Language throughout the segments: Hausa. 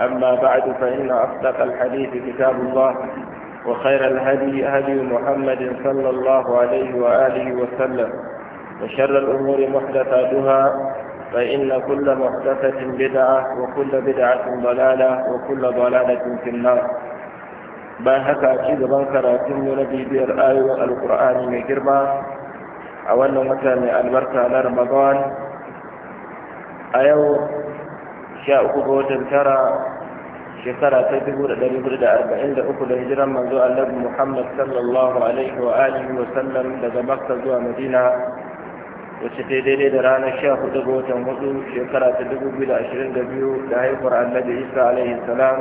أما بعد فإن أصدق الحديث كتاب الله وخير الهدي هدي محمد صلى الله عليه وآله وسلم وشر الأمور محدثاتها فإن كل محدثة بدعة وكل بدعة ضلالة وكل ضلالة في النار ما هكا أكيد بنكر أتم نبي بير آية القرآن من جرما أولا مثلا البركة على رمضان أيوه sha uku ga watan tara shekara ta dubu da ɗari hudu da arba'in da uku da hijiran manzo annabi muhammad sallallahu alaihi wa alihi wa sallam daga makka zuwa madina wacce ta daidai da ranar sha hudu ga watan hudu shekara ta dubu biyu da ashirin da biyu da haihuwar annabi isa alaihi salam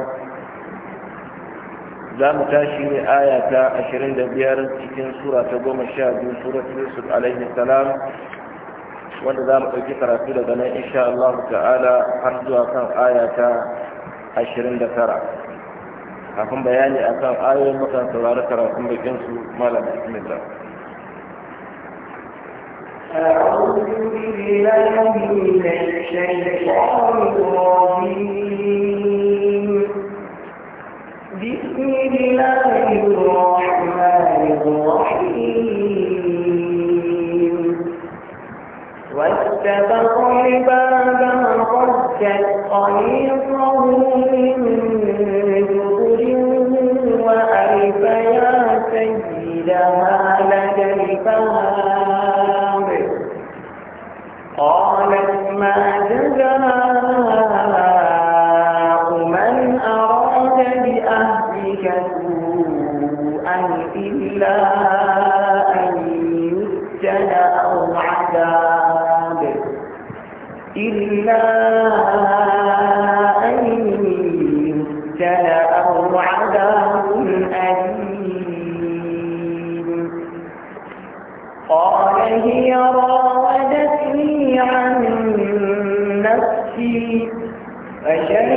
za mu tashi ne aya ta ashirin da biyar cikin sura ta goma sha biyu suratul yusuf alaihi salam wanda za mu ɗauki karatu daga nan insha Allah ta'ala har zuwa kan aya ta ashirin da tara kafin bayani akan ayoyin mutan saurari karatun bakin su malam bismillah أعوذ بالله من الشيطان الرجيم بسم الله الرحمن الرحيم عبادا قدت قميصه من جبر وألف يا سيدها لدى الفهام قالت ما فشهد شاهد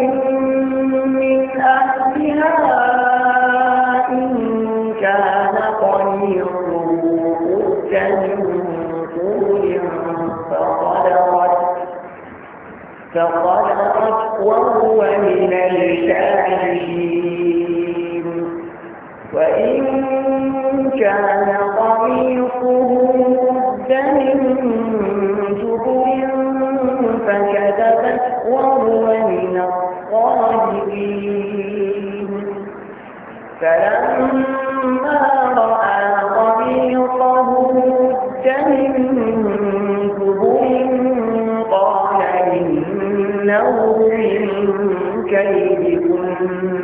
من أهلها إن كان قريب أختا فصدقت فصدقت وهو من الشاهدين وإن كان قميصه قد من جبر فكذبت وهو من الصادقين فلما رأى قميصه مد من كبر قال إنه من كيدكن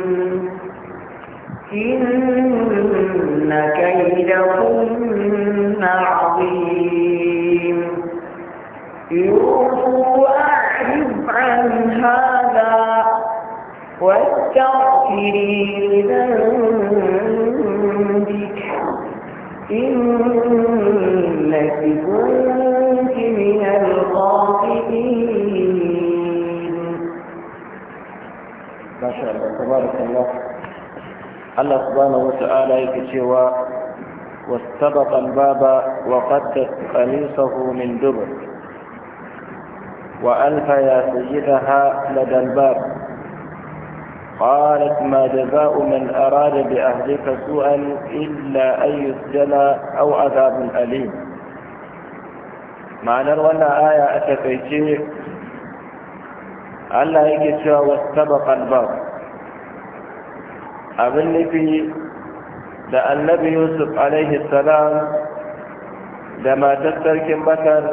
لذنبك إنك كنت من الخاطئين ما شاء الله تبارك الله الله سبحانه وتعالى يكتشف واستبق الباب وقد قميصه من دبر وألف يا سيدها لدى الباب قالت ما جزاء من أراد بأهلك سوءا إلا أن يسجن أو عذاب أليم ma'anar wannan aya a takaice Allah yake cewa wastaba qalbab abin nufi da annabi Yusuf alaihi salam da matar sarkin Masar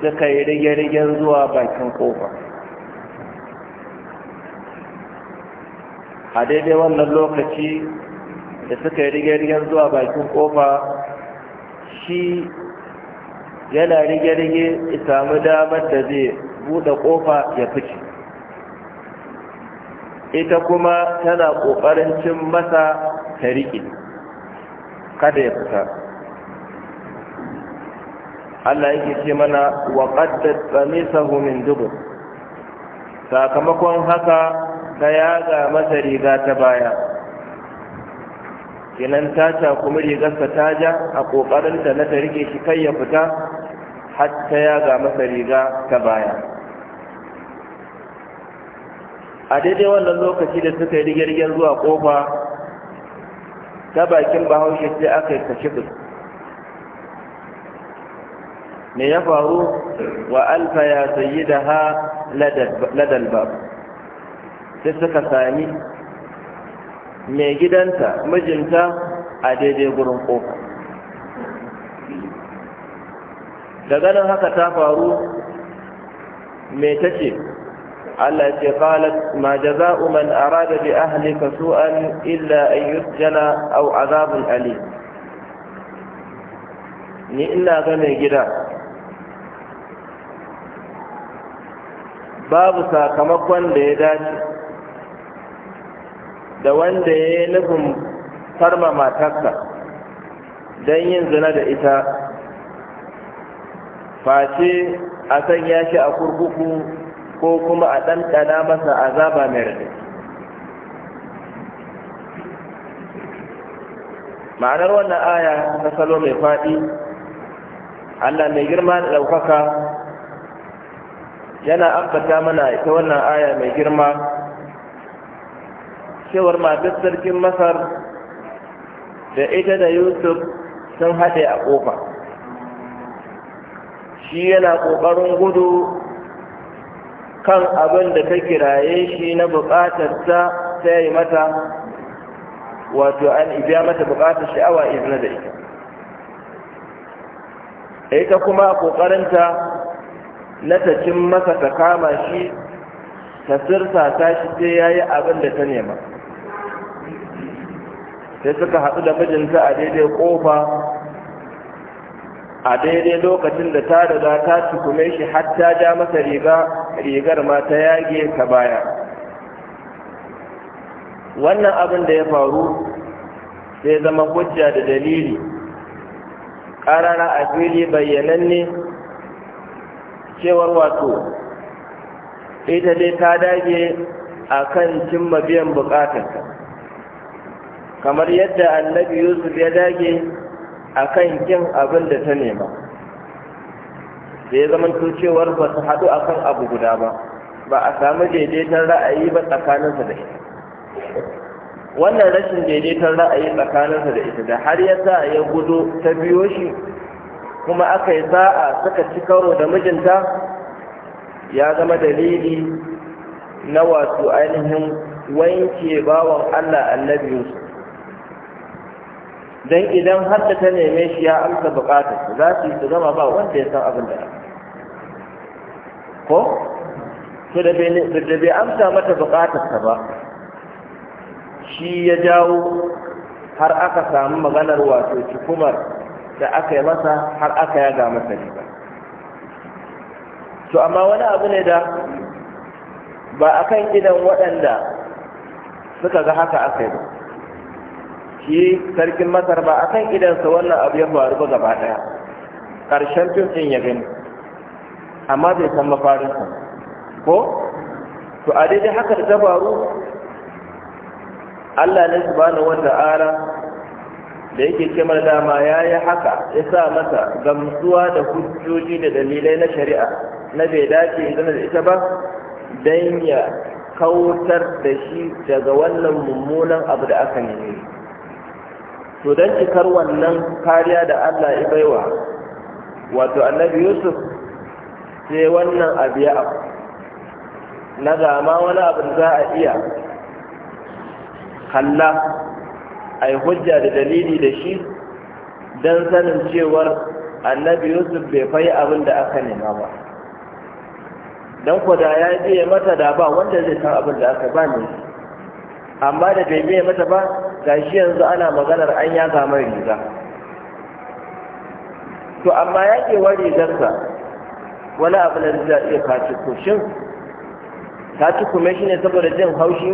suka yi rige-rigen zuwa bakin ƙofa. a daidai wannan lokaci da suka yi rige-rigen zuwa bakin kofa shi yana rige-rige ya sami damar da zai buɗe kofa ya fice ita kuma tana ƙoƙarin cin masa ta riƙe kada ya fita Allah yake ce mana wa qaddat qamisahu min dubu sakamakon haka ta yaga masa riga ta baya kenan ta kuma rigarsa ta ja a ƙoƙarinta na ta rike shi kai ya fita har ta yaga masa riga ta baya a daidai wannan lokaci da suka yi rigirgen zuwa kofa ta bakin bahaushe sai aka yi kashi me ya faru wa alfa ya sayi da ha ladalba sai suka sami mai gidanta mijinta a daidai gurin ƙofa da ganin haka ta faru mai ta ce Allah ce qalat ma jaza'u man arada bi ahlika su'an illa an yusjana aw azabun ali ni ina ga mai gida babu sakamakon da ya dace da wanda ya yi nufin farma matarsa don yin zina da ita face a sanya shi a kurkuku ko kuma a ɗanɗana masa azaba mai rai ma'anar wannan aya ta salo mai faɗi allah mai girma da ɗaukaka yana ambata mana ita wannan aya mai girma cewar matar sarkin masar da ita da yusuf sun haɗe a ƙofa shi yana ƙoƙarin gudu kan abin da ta kiraye shi na buƙatarsa ta yi mata wato an ibiya mata buƙatar sha'awa izina da ita ita kuma ƙoƙarinta na tacin masa ta kama shi ta sirsa ta shi sai ya yi abin da ta nema sai suka haɗu da mijinta a daidai ƙofa a daidai lokacin da ta riga ta tukume shi har ta ja masa riga rigar ma ta yage ta baya wannan abin da ya faru sai zama hujja da dalili ƙarara a fili bayyananne cewar wato ita dai ta dage a kan cimma biyan buƙatarta kamar yadda annabi yusuf ya dage a kan kin abin da ta nema da ya zama cewar ba su haɗu a kan abu guda ba ba a samu daidaitar ra'ayi ba tsakaninsa da ita wannan rashin daidaiton ra'ayi tsakaninsa da ita da har ya ya gudu ta biyo shi kuma aka yi sa'a suka ci karo da mijinta ya zama dalili na wato ainihin wanke bawan allah annabi yusuf dan idan har ta neme shi ya amsa bukatar za su yi su zama ba wanda ya san abin da ko to da bai amsa mata ta ba shi ya jawo har aka samu maganar wato cikumar da aka yi masa har aka ga masa ba? to amma wani abu ne da ba a kan idan waɗanda suka ga haka aka yi ba shi sarkin masar ba akan idansa wannan abu ya faru ba gaba daya ƙarshen fim ɗin ya gani amma bai san mafarinsa ko to a daidai haka da ta faru Allah ne su subhanahu wa ta'ala da yake ce dama ya yi haka ya sa masa gamsuwa da hujjoji da dalilai na shari'a na bai dace idan da ita ba Dan ya kautar da shi daga wannan mummunan abu da aka nemi to don cikar wannan kariya da allah ya baiwa wato annabi yusuf sai wannan abu ya abu na gama wani abin za a iya kalla a hujja da dalili da shi don sanin cewar annabi yusuf bai fayi abin da aka nema ba Dan kwada ya je mata da ba wanda zai san abin da aka ba ne amma da bai biya mata ba gashi yanzu ana maganar an ya samu riga to amma wari rigarsa wani abu na zai iya kaci kushin ta ci kuma shi ne saboda jin haushi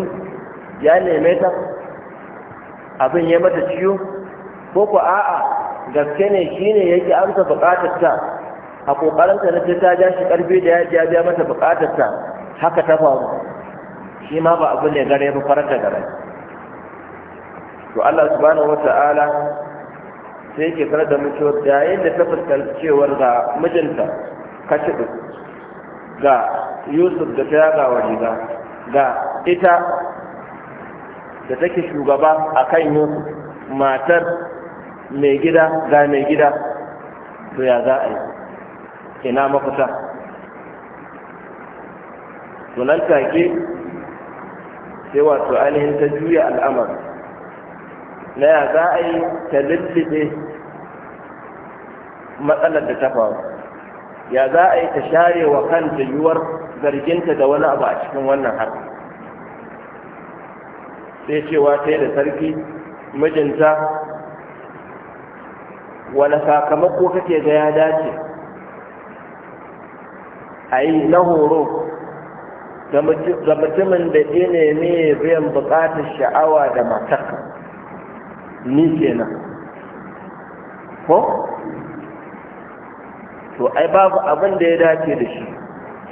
ya neme ta abin ya mata ciwo ko ku a'a gaske ne shi ne yake amsa buƙatar ta a ƙoƙarinta na ta ja shi ƙarfi da ya ja mata buƙatar ta haka ta faru shi ma ba abu ne gare ba farar da gare to Allah subhanahu wata'ala sai yake farar da da yayin da ta fuskanci cewar ga mijinta kashidu ga yusuf da ta yaga wa riga ga ita da take shugaba a kan yusuf matar mai gida ga mai gida to ya za a yi ina mafita tunanta ke sai wato ainihin ta juya al'amari na ya za a yi ta lullube matsalar da ta faru ya za a yi ta share wa kan kanta yiwuwar zarginta da wani abu a cikin wannan harka sai cewa ta da sarki mijinta wani sakamako kake ga ya dace a yi na horo ga mutumin da ya nemi biyan bukatar sha'awa da matarka ni kenan ko to ai babu abin da ya dace da shi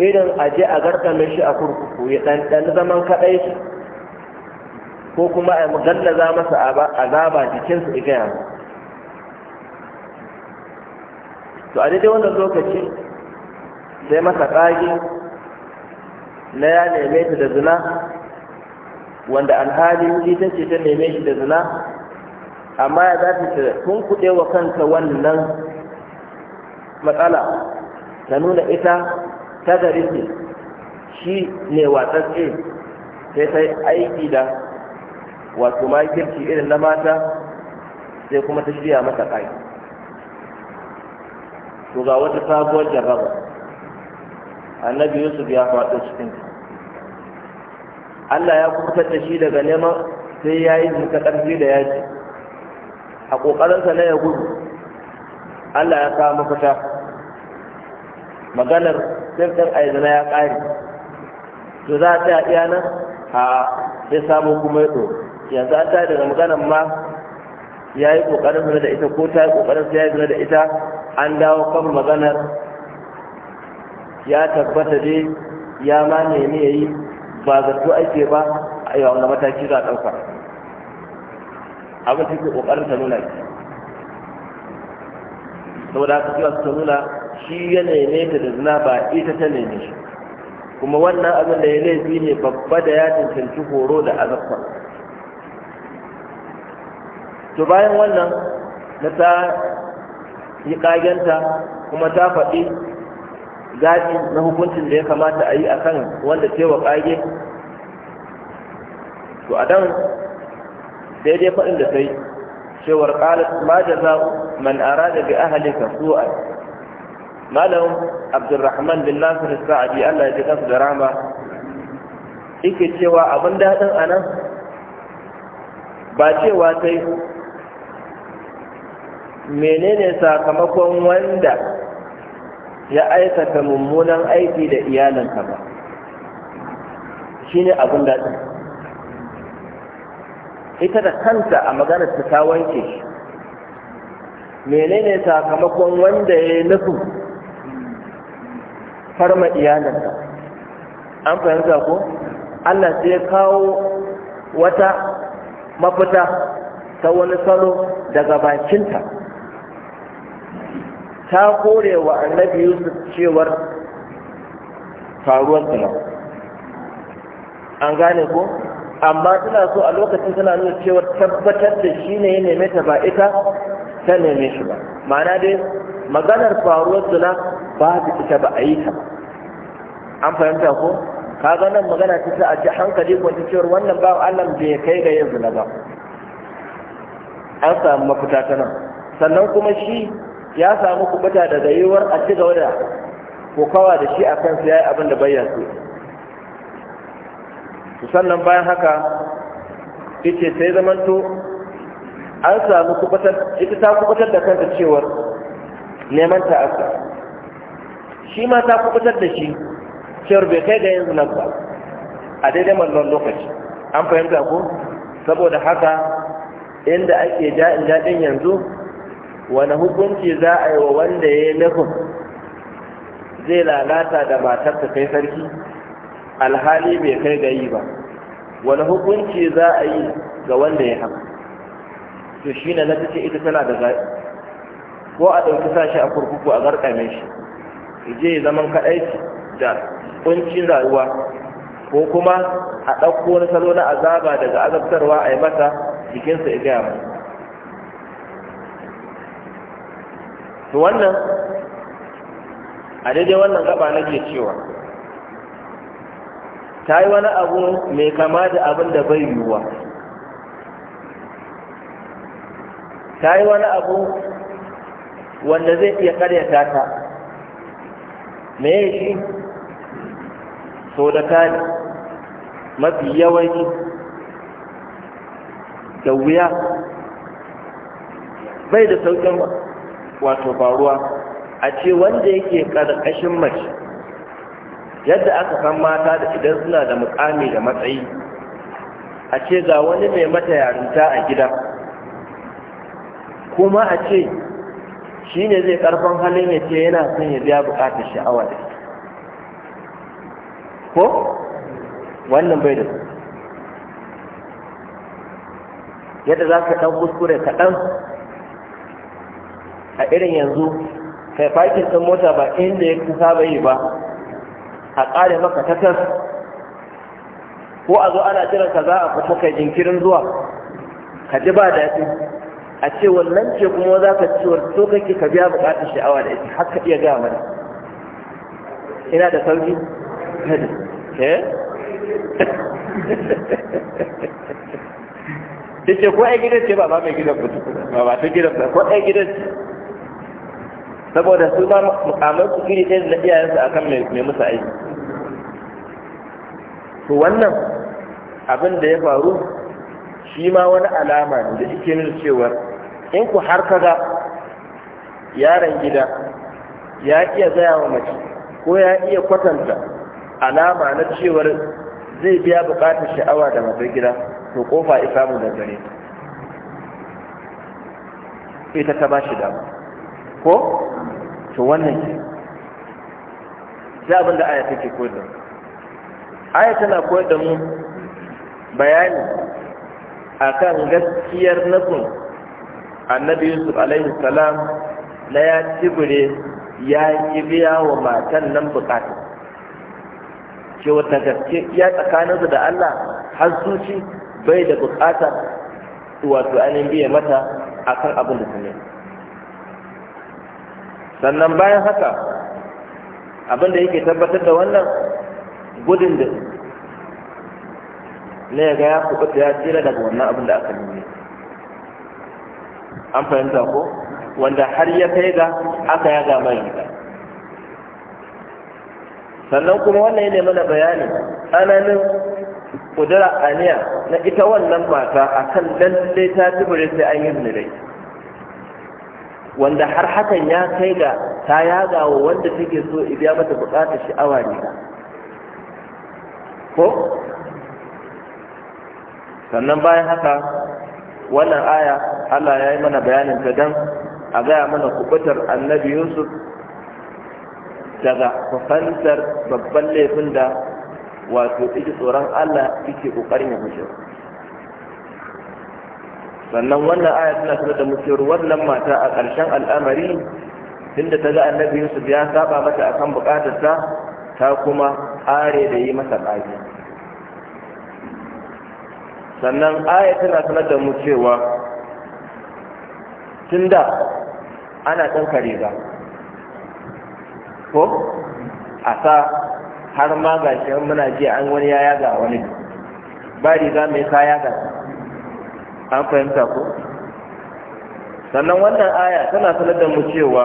irin aje a garkame shi a kurkuku ya ɗanɗani zaman kaɗai ko kuma a gallaza masa azaba iga yanzu to a daidai wannan lokaci sai masa ƙage na ya neme ta da zina wanda alhali ta ce ta neme shi da zina amma ya za ta kuɗe wa kanta wannan matsala ta nuna ita ta gari ce shi ne watsatse sai ta yi aiki da wato makirci irin na mata sai kuma ta shirya mata ƙai to ga wata sabuwar jarraba annabi yusuf ya faɗo cikin Allah ya kubutar da shi daga neman sai ya yi zuka ƙarfi da yaji a ƙoƙarinsa na ya gudu Allah ya kawo mafita maganar sirɗin aizana ya ƙare to za a tsaya iya nan a sai samu kuma ya ɗoro yanzu an tare daga maganar ma ya yi ƙoƙarin da ita ko ta yi ƙoƙarin ya yi da ita an dawo kan maganar ya tabbata dai ya ma nemi ya yi ba zato ake ba a yi wanda mataki za a ɗauka abin take ƙoƙarin ta nuna ki saboda su cewa ta nuna shi ya neme ta da zina ba ita ta nemi. shi kuma wannan abin da ya laifi ne babba da ya cancanci horo da azabta to bayan wannan na ta yi ƙagenta kuma ta faɗi gaɗi na hukuncin da ya kamata a yi a kan wanda cewa ƙage to a sai daidai faɗin da sai cewar ƙalar ma da za man ara da bi ahalika su'ad malam abdulrahman bin nasir sa'adi allah ya ji kansu da rama ike cewa abin daɗin a nan ba cewa sai menene sakamakon wanda ya aikata mummunan aiki da iyalinka ba shi ne abin daɗi ita da kanta a maganar ta ta wanke shi menene sakamakon wanda ya yi nufin farma iyalinka an fahimta ko allah sai ya kawo wata mafita ta wani salo daga bakinta ta kore wa annabi yusuf cewar faruwar suna an gane ko amma tana so a lokacin tana nuna cewar tabbatar da shi ne ya neme ta ba ita ta neme shi ba ma'ana dai maganar faruwar suna ba ta ita ba a yi ta an fahimta ko Ka ga nan magana ta ta a ji hankali ta cewar wannan ba Allah bai kai ga yin zina ba an samu mafita ta nan sannan kuma shi ya samu kubuta daga yiwuwar a ci gaba da kokawa da shi a kansu ya yi abin da bayyana su sannan bayan haka ita sai zamanto an samu kubutar ita ta kubutar da kanta cewar neman ta aka shi ma ta kubutar da shi cewar bai kai ga yanzu nan ba a daidai mallon lokaci an fahimta ko saboda haka inda ake ja'in jaɗin yanzu wani hukunci za a yi wa wanda ya yi nufin zai lalata da matarsa kai sarki alhali bai kai ga yi ba wani hukunci za a yi ga wanda ya haka to shi ne na cikin ita tana da zaɓi ko a ɗauki sashi a kurkuku a garƙame shi je zaman kaɗai da ƙuncin rayuwa ko kuma a ɗauko wani salo na azaba daga azabtarwa a yi mata jikinsa ya gaya mai to wannan a daidai wannan gaba nake cewa ta yi wani abu mai kama da abin da bai yiwuwa ta yi wani abu wanda zai iya karyata ta me ya shi so da ne? mafi yawanci da wuya bai da saukin wato faruwa a ce wanda yake ƙarƙashin mace yadda aka san mata da idan suna da mukami da matsayi a ce ga wani mai mata yarinta a gida kuma a ce shi ne zai ƙarfin halin ya ce yana son ya biya buƙatar sha'awa da ko wannan bai da yadda za ka ɗan kuskure kaɗan a irin yanzu kai fakin ɗin mota ba inda ya kusa bai ba a ƙare maka takas ko a zo ana jiran ka za a fita kai jinkirin zuwa ka ji ba daɗi a ce wannan ce kuma za ka ci wa so kake ka biya buƙatar sha'awa da ita haka iya gaya mana ina da sauki eh ta ce ko ai gidan ce ba ba mai gidan ba ba ta gidan ba ko ai gidan ce saboda su ma mukamman su iri ɗaya na iyayensu a kan mai musu aiki to wannan abin da ya faru shi ma wani alama ne da ike nuna cewar in ku har kaga yaron gida ya iya gaya mace ko ya iya kwatanta alama na cewar zai biya bukatar sha'awa da matar gida to kofa isamu da gare ita ta ba shi damu ko to wannan ke sai abin da ayata ke koyar da mu ayata tana koyar da mu bayani a kan gaskiyar nufin annabi yusuf alaihi salam na ya cibire ya yi biya wa matan nan buƙata. ce wata gaske ya tsakaninsu da allah har bai da bukata wato ainihin biya mata akan abin da ta ne? sannan bayan haka abin da yake tabbatar da wannan gudun da ya gaya, ya kuɓuta ya tsira daga wannan abin da aka nuna an fahimta ko wanda har ya kai ga aka ya ga mai sannan kuma wannan yana mana bayani tsananin kudura aniya na ita wannan mata akan lalle ta tubure sai an yi zunirai wanda har hakan ya kai ga ta yaga wa wanda take so ibiya mata bukatar sha'awa ne ko sannan bayan haka wannan aya Allah ya yi mana bayanin ta dan a gaya mana kubutar annabi Yusuf daga kufantar babban laifin da wato iji tsoron Allah yake kokarin ya fushe sannan wannan aya tana sanar da mu wannan mata a ƙarshen al'amari inda ta ga annabi Yusuf ya saba mata kan buƙatarsa ta kuma ƙare da yi masa ƙage sannan aya tana sanar da mu cewa da ana ɗan ba ko a sa har ma gashi muna ji an wani ya yaga wani ba riga mai sa yaga an fahimta ko sannan wannan aya tana sanar da mu cewa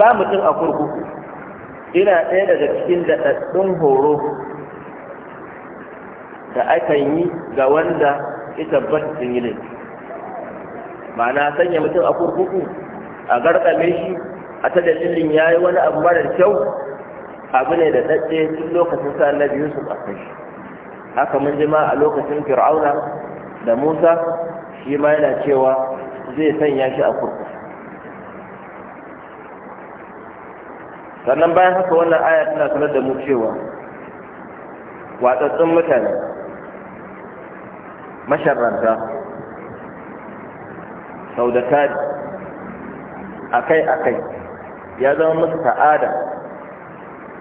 sa mutum a kurkuku ina ɗaya daga cikin daɗaɗɗun horo da akan yi ga wanda ita tabbata sun yi laifi sanya mutum a kurkuku a garkame shi a ta dalilin ya yi wani abu mara kyau abu ne da ɗaɗɗe tun lokacin sa na biyu su ƙasashe haka mun jima a lokacin fir'auna da musa shi ma yana cewa zai sanya shi a kurkuku sannan bayan haka wannan aya tana sanar da mu cewa watsattsun mutane masharranta sau da tari akai-akai ya zama musu ta'ada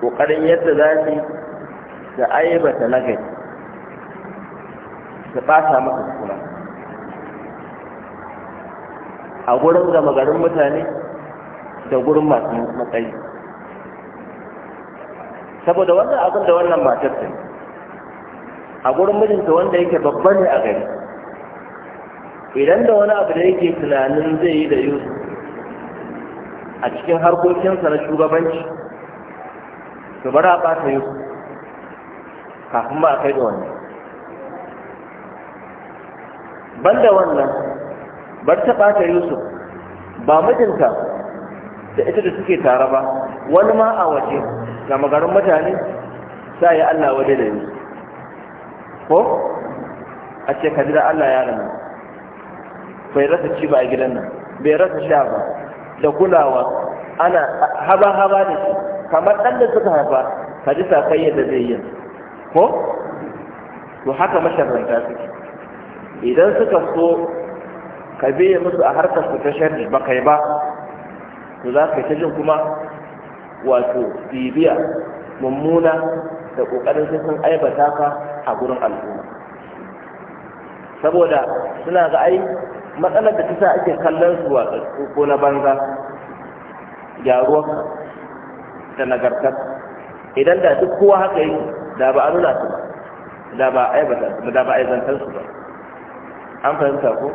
ƙoƙarin yadda za su da aibata na gari ta ɓata maka suna a gurin gama garin mutane da gurin masu matsayi saboda wannan abin da wannan matar ta a gurin mijinta wanda yake babba ne a gari idan da wani abu da yake tunanin zai yi da yusuf a cikin harkokinsa na shugabanci to bari a ɓata yusuf kafin ba a kai da wani banda wannan bar ta bata yusuf ba mijinta da ita da suke tare ba wani ma a waje ga magarin mutane sa ya allah waje da yusuf ko a ce ka jira allah ya rana bai rasa ci ba a gidan nan bai rasa sha ba da kulawa ana haba-haba da shi kamar ɗan da suka haifa ka ji da yadda zai yi ko to haka masharranta suke idan suka so ka biye musu a harkar su ta sharri ba kai ba to za ka yi jin kuma wato bibiya mummuna da kokarin sai sun aibata ka a gurin al'umma saboda suna ga ai matsalar da ta ake kallon su wa ko na banza gyaruwa da nagartar idan da duk kowa haka yi da ba a nuna su ba da ba aibata su ba ba an fahimta ko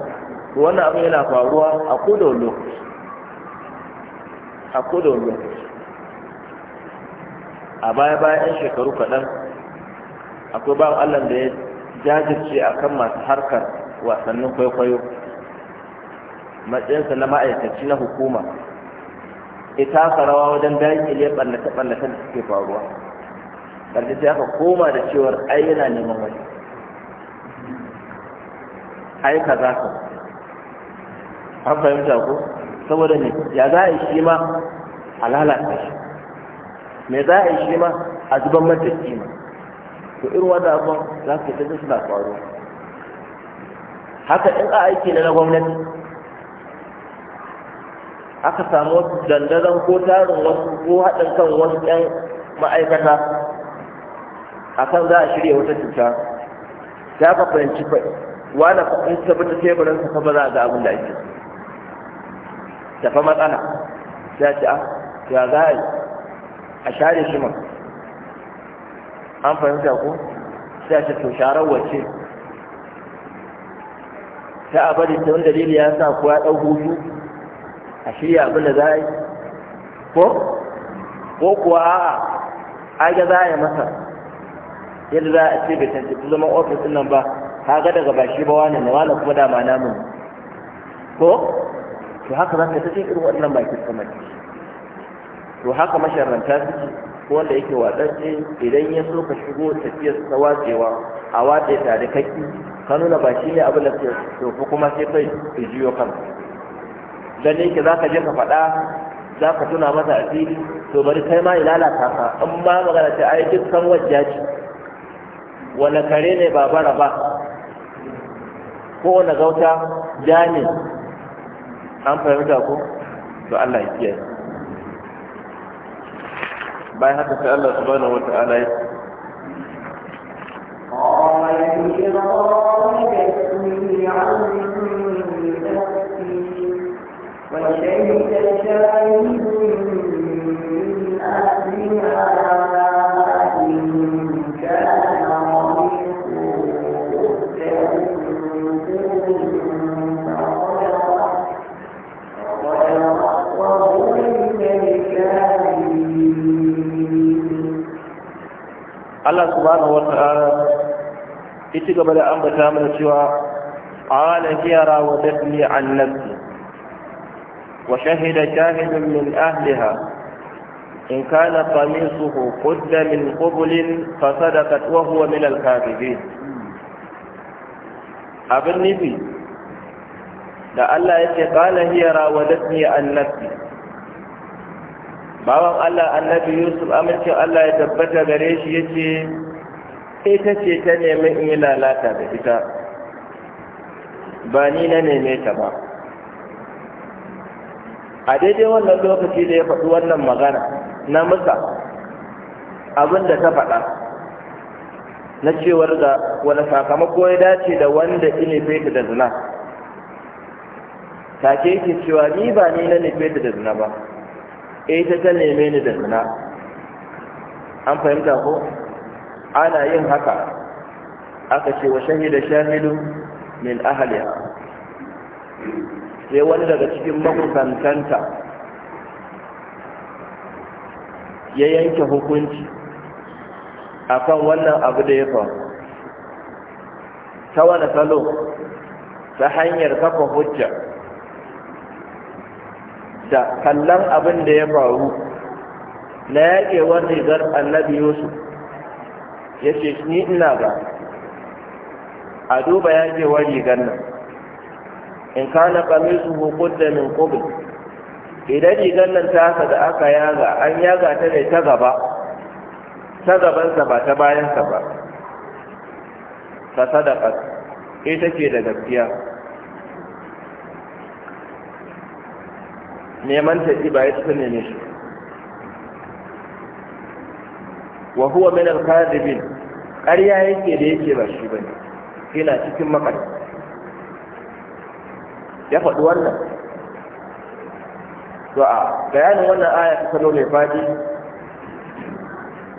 wannan abin yana faruwa a kodawar lokaci a kodawar lokaci a baya bayan yan shekaru kaɗan akwai ba allah da ya jajirce a kan masu harkar wasannin kwaikwayo matsayinsa na ma'aikaci na hukuma ita rawa wajen daƙile ɓallata-ɓallatan da suke faruwa ƙarfi ta yaka koma da cewar ai yana neman wani Ayi ka za ka an fahimta ko saboda ne ya za a yi shi ma a lalata shi me za a yi shi ma a zuban mata kima to irin wanda ba za ka yi suna faru haka in a aiki na gwamnati aka samu wasu dandazon ko tarin wasu ko haɗin kan wasu 'yan ma'aikata a kan za a shirya wata cuta ya ka fahimci wani in ka bi teburin ka ba za ga abin da ake da fa matsala ya ce a? Ah, ya za a yi a share shi man an fahimta ko sai ce to sharar wace ta a bari ta wanda dalili ya sa ko ya ɗau hutu a shirya abin da za a yi ko ko kuwa a'a ai ga za a yi masa yadda za a ce bai tantance zaman ofis ɗin nan ba kaga daga bashi ba wani ne wani kuma dama namun ko to haka za ka ta ce irin waɗannan bakin ne to haka masharanta su ko wanda yake watsatse idan ya so ka shigo tafiyar ta watsewa a watse ta da kaki ka nuna ba shi ne abin da ke tofu kuma sai kai ka jiyo kan dan yake za ka je ka faɗa za ka tuna masa asiri to bari kai ma ilala ka ka in ba magana ta ai dukkan wajja ce wani kare ne ba bara ba kowane gauta jami ne an fahimta ko to Allah ya kiyaye bayan haka sai Allah subhanahu wa ta'ala ya وشهد شاهد من أهلها Allah subhanahu wa ta'ala ya ci gaba da ambata mana cewa qala hiyara wa dafni an nafsi wa shahida shahidun min ahliha in kana qamisuhu qudda min qublin fa sadaqat wa huwa min al-kadhibin abin nufi da Allah yake qala hiyara wa dafni an nafsi bawan Allah annabi Yusuf amincin Allah ya tabbata gare shi yace ita ce ta nemi in yi lalata da ita ba ni na neme ta ba a daidai wannan lokaci da ya faɗi wannan magana na musa abin da ta faɗa na cewar da wani sakamako ya dace da wanda nufe ta da zina take yake cewa ni ba ni na nufe da zina ba E, eh, ta ta neme ni da zina an fahimta ko ana yin haka aka ce wa shahida shahidu min ahliha sai wani daga cikin makusantanta ya yanke hukunci akan wannan abu da ya faru ta wani salo ta hanyar kafa hujja da kallon abin da ya faru na yaƙewar rigar annabi yusuf ya ce ni ina ba a duba yaƙewar rigar nan in kana su hukun da min kubin idan rigar nan ta haka da aka yaga an yaga ta ne ta gaba ta gabansa ba ta bayansa ba ta sadaka ita ce da gaskiya neman ta ba ya ta neme shi wa huwa min al-kadhibin ƙarya yake da yake ba shi bane yana cikin makar ya faɗi wannan to a bayanin wannan aya ta salo mai fadi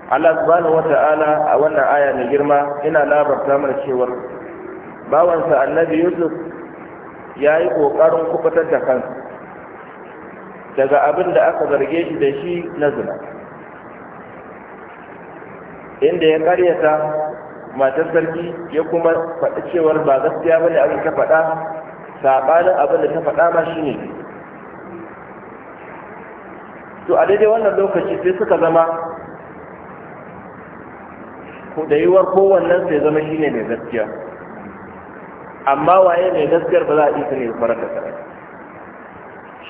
Allah subhanahu wata'ala a wannan aya mai girma ina labarta mana cewar bawansa annabi Yusuf ya yi ƙoƙarin kubutar da kansa daga abin da aka zarge shi da shi na zina inda ya karyata matar sarki ya kuma faɗi cewar ba gaskiya ba ne abin ta faɗa saɓanin abin da ta faɗa ma shi ne to a daidai wannan lokaci sai suka zama da yiwuwar kowannen sai zama shi ne mai gaskiya amma waye mai gaskiyar ba za a isa ne farar da sarai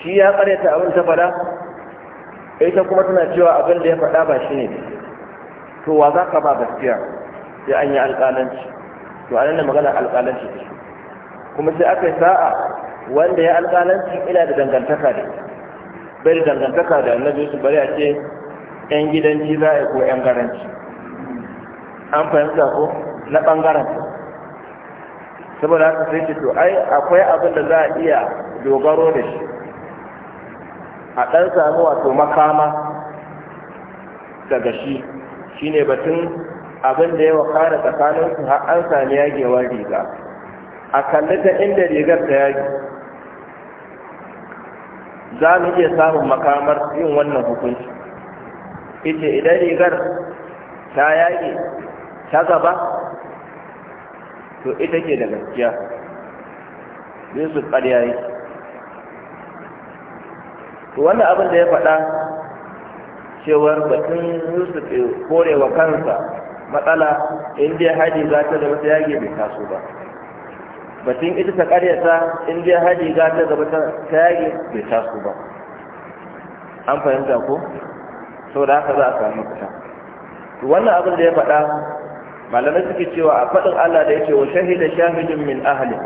shi ya karyata abin ta faɗa ita kuma tana cewa abin da ya faɗa ba shi ne to wa za ka ba gaskiya sai an yi alƙalanci to a nan magana alƙalanci ta kuma sai aka yi sa'a wanda ya alƙalanci ina da dangantaka da bai da dangantaka da annabi su bari a ce yan gidanci za a yi ko yan garanci an fahimta ko na ɓangaren saboda haka sai ce to ai akwai abin da za a iya dogaro da shi a ɗan sami wato makama daga shi shine batun abin da ya wakana tsakaninsu har an sami yagewar riga a kalli ta inda rigar ta yage za mu iya samun makamar yin wannan hukunci ita idan rigar ta yage ta gaba to ita ke da gaskiya yusuf ƙarya yake to wannan abin da ya faɗa cewar batun yusuf korewa kansa matsala indiya haji za ta zama ta yage bai taso ba batun ita ta karyata indiya haji za ta zama ta yage bai taso ba an fahimta ko sau da haka za a samu fita wannan abin da ya faɗa malamai suke cewa a faɗin allah da ya ce wa shahida shahidin min ahalin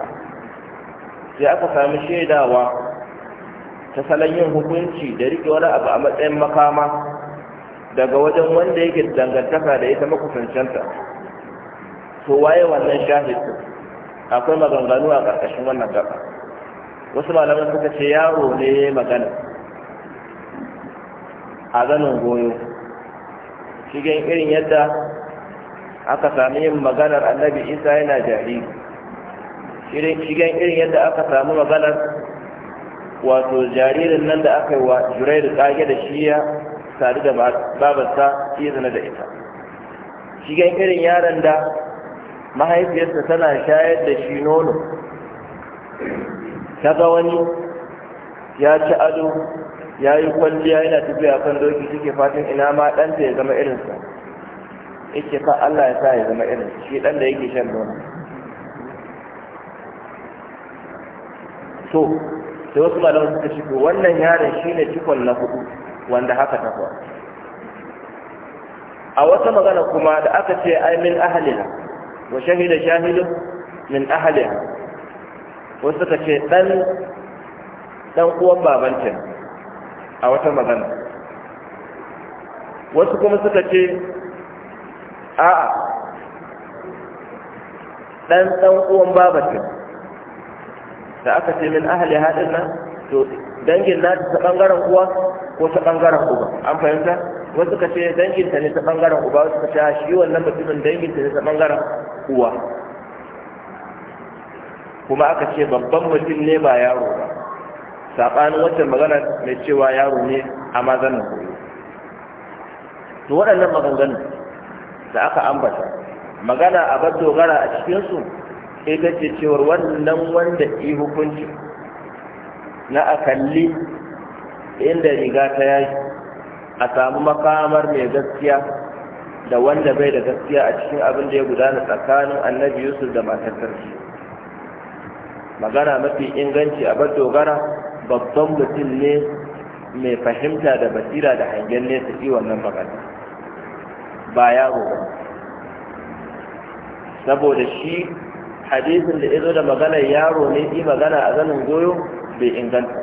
sai aka sami shaidawa ta salon yin hukunci da riƙe wani abu a matsayin makama daga wajen wanda yake dangantaka da ita makusancanta to waye wannan shahidin akwai maganganu a ƙarƙashin wannan gaba wasu malaman suka ce yaro ne magana a zanen goyo shigen irin yadda aka sami yin maganar annabi isa yana jariri shigen irin yadda aka sami maganar wato jaririn nan da aka yi wa jurairu kage da shi ya da babarsa shi zana da ita shi ga irin yaron da mahaifiyarsa tana shayar da shi nono ta wani ya ci ado ya yi kwalliya yana tafiya kan doki suke fatan ina ma ɗanta ya zama irinsa yake fa Allah ya sa ya zama irin shi ɗan da yake shan nono to sai wasu malamai suka ce to wannan yaron ne cikon na hudu wanda haka ta faru a wata magana kuma da aka ce ai min na, wa shahida shahidu min na. wasu suka ce dan dan uwan babanta a wata magana wasu kuma suka ce a'a dan dan uwan babanta da aka ce min ahli haɗin nan to dangin na ta ɓangaren uwa ko ta ɓangaren uba an fahimta wasu ka ce danginta ne ta ɓangaren uba wasu ka ce shi wannan mutumin danginta ne ta ɓangaren uwa kuma aka ce babban mutum ne ba yaro ba saɓanin wancan magana mai cewa yaro ne a mazanin koyo to waɗannan maganganu da aka ambata magana a bar dogara a cikinsu ta ce cewar wannan wanda yi hukunci na akalli inda riga ta yaki, a samu makamar mai gaskiya da wanda bai da gaskiya a cikin abin da ya gudana tsakanin annabi yusuf da matar sarki magana mafi inganci a bar dogara babban mutum ne mai fahimta da basira da hangen nesa su wannan magana ba yaro saboda shi hadisin da izo da maganar yaro ne yi magana a zanen goyo bai inganta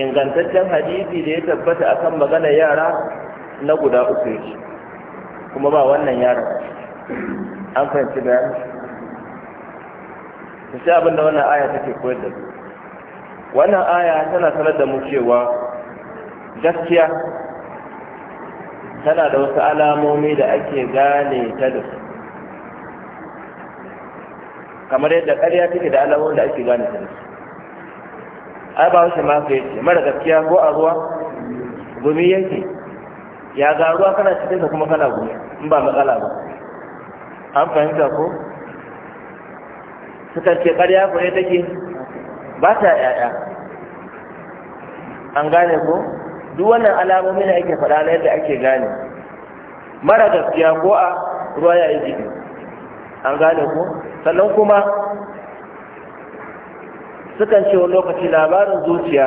ingantaccen hadisi da ya tabbata akan maganar yara na guda uku yake kuma ba wannan yaron an fahimci da ta sai abinda wannan aya take koyar da wannan aya tana sanar da mu cewa gaskiya tana da wasu alamomi da ake gane ta da su kamar yadda ƙarya take da alamun da ake gane ta ai ba wasu yi yake mara gaskiya ko a ruwa gumi yake ya ga ruwa kana cikin kuma kana gumi in ba matsala ba an fahimta ko sukan ce ƙarya ne take ba ta ƴaƴa an gane ko duk wannan alamomi na ake faɗa na yadda ake gane mara gaskiya ko a ruwa ya yi jiki an gane ku. sannan kuma sukan ce wani lokaci labarin zuciya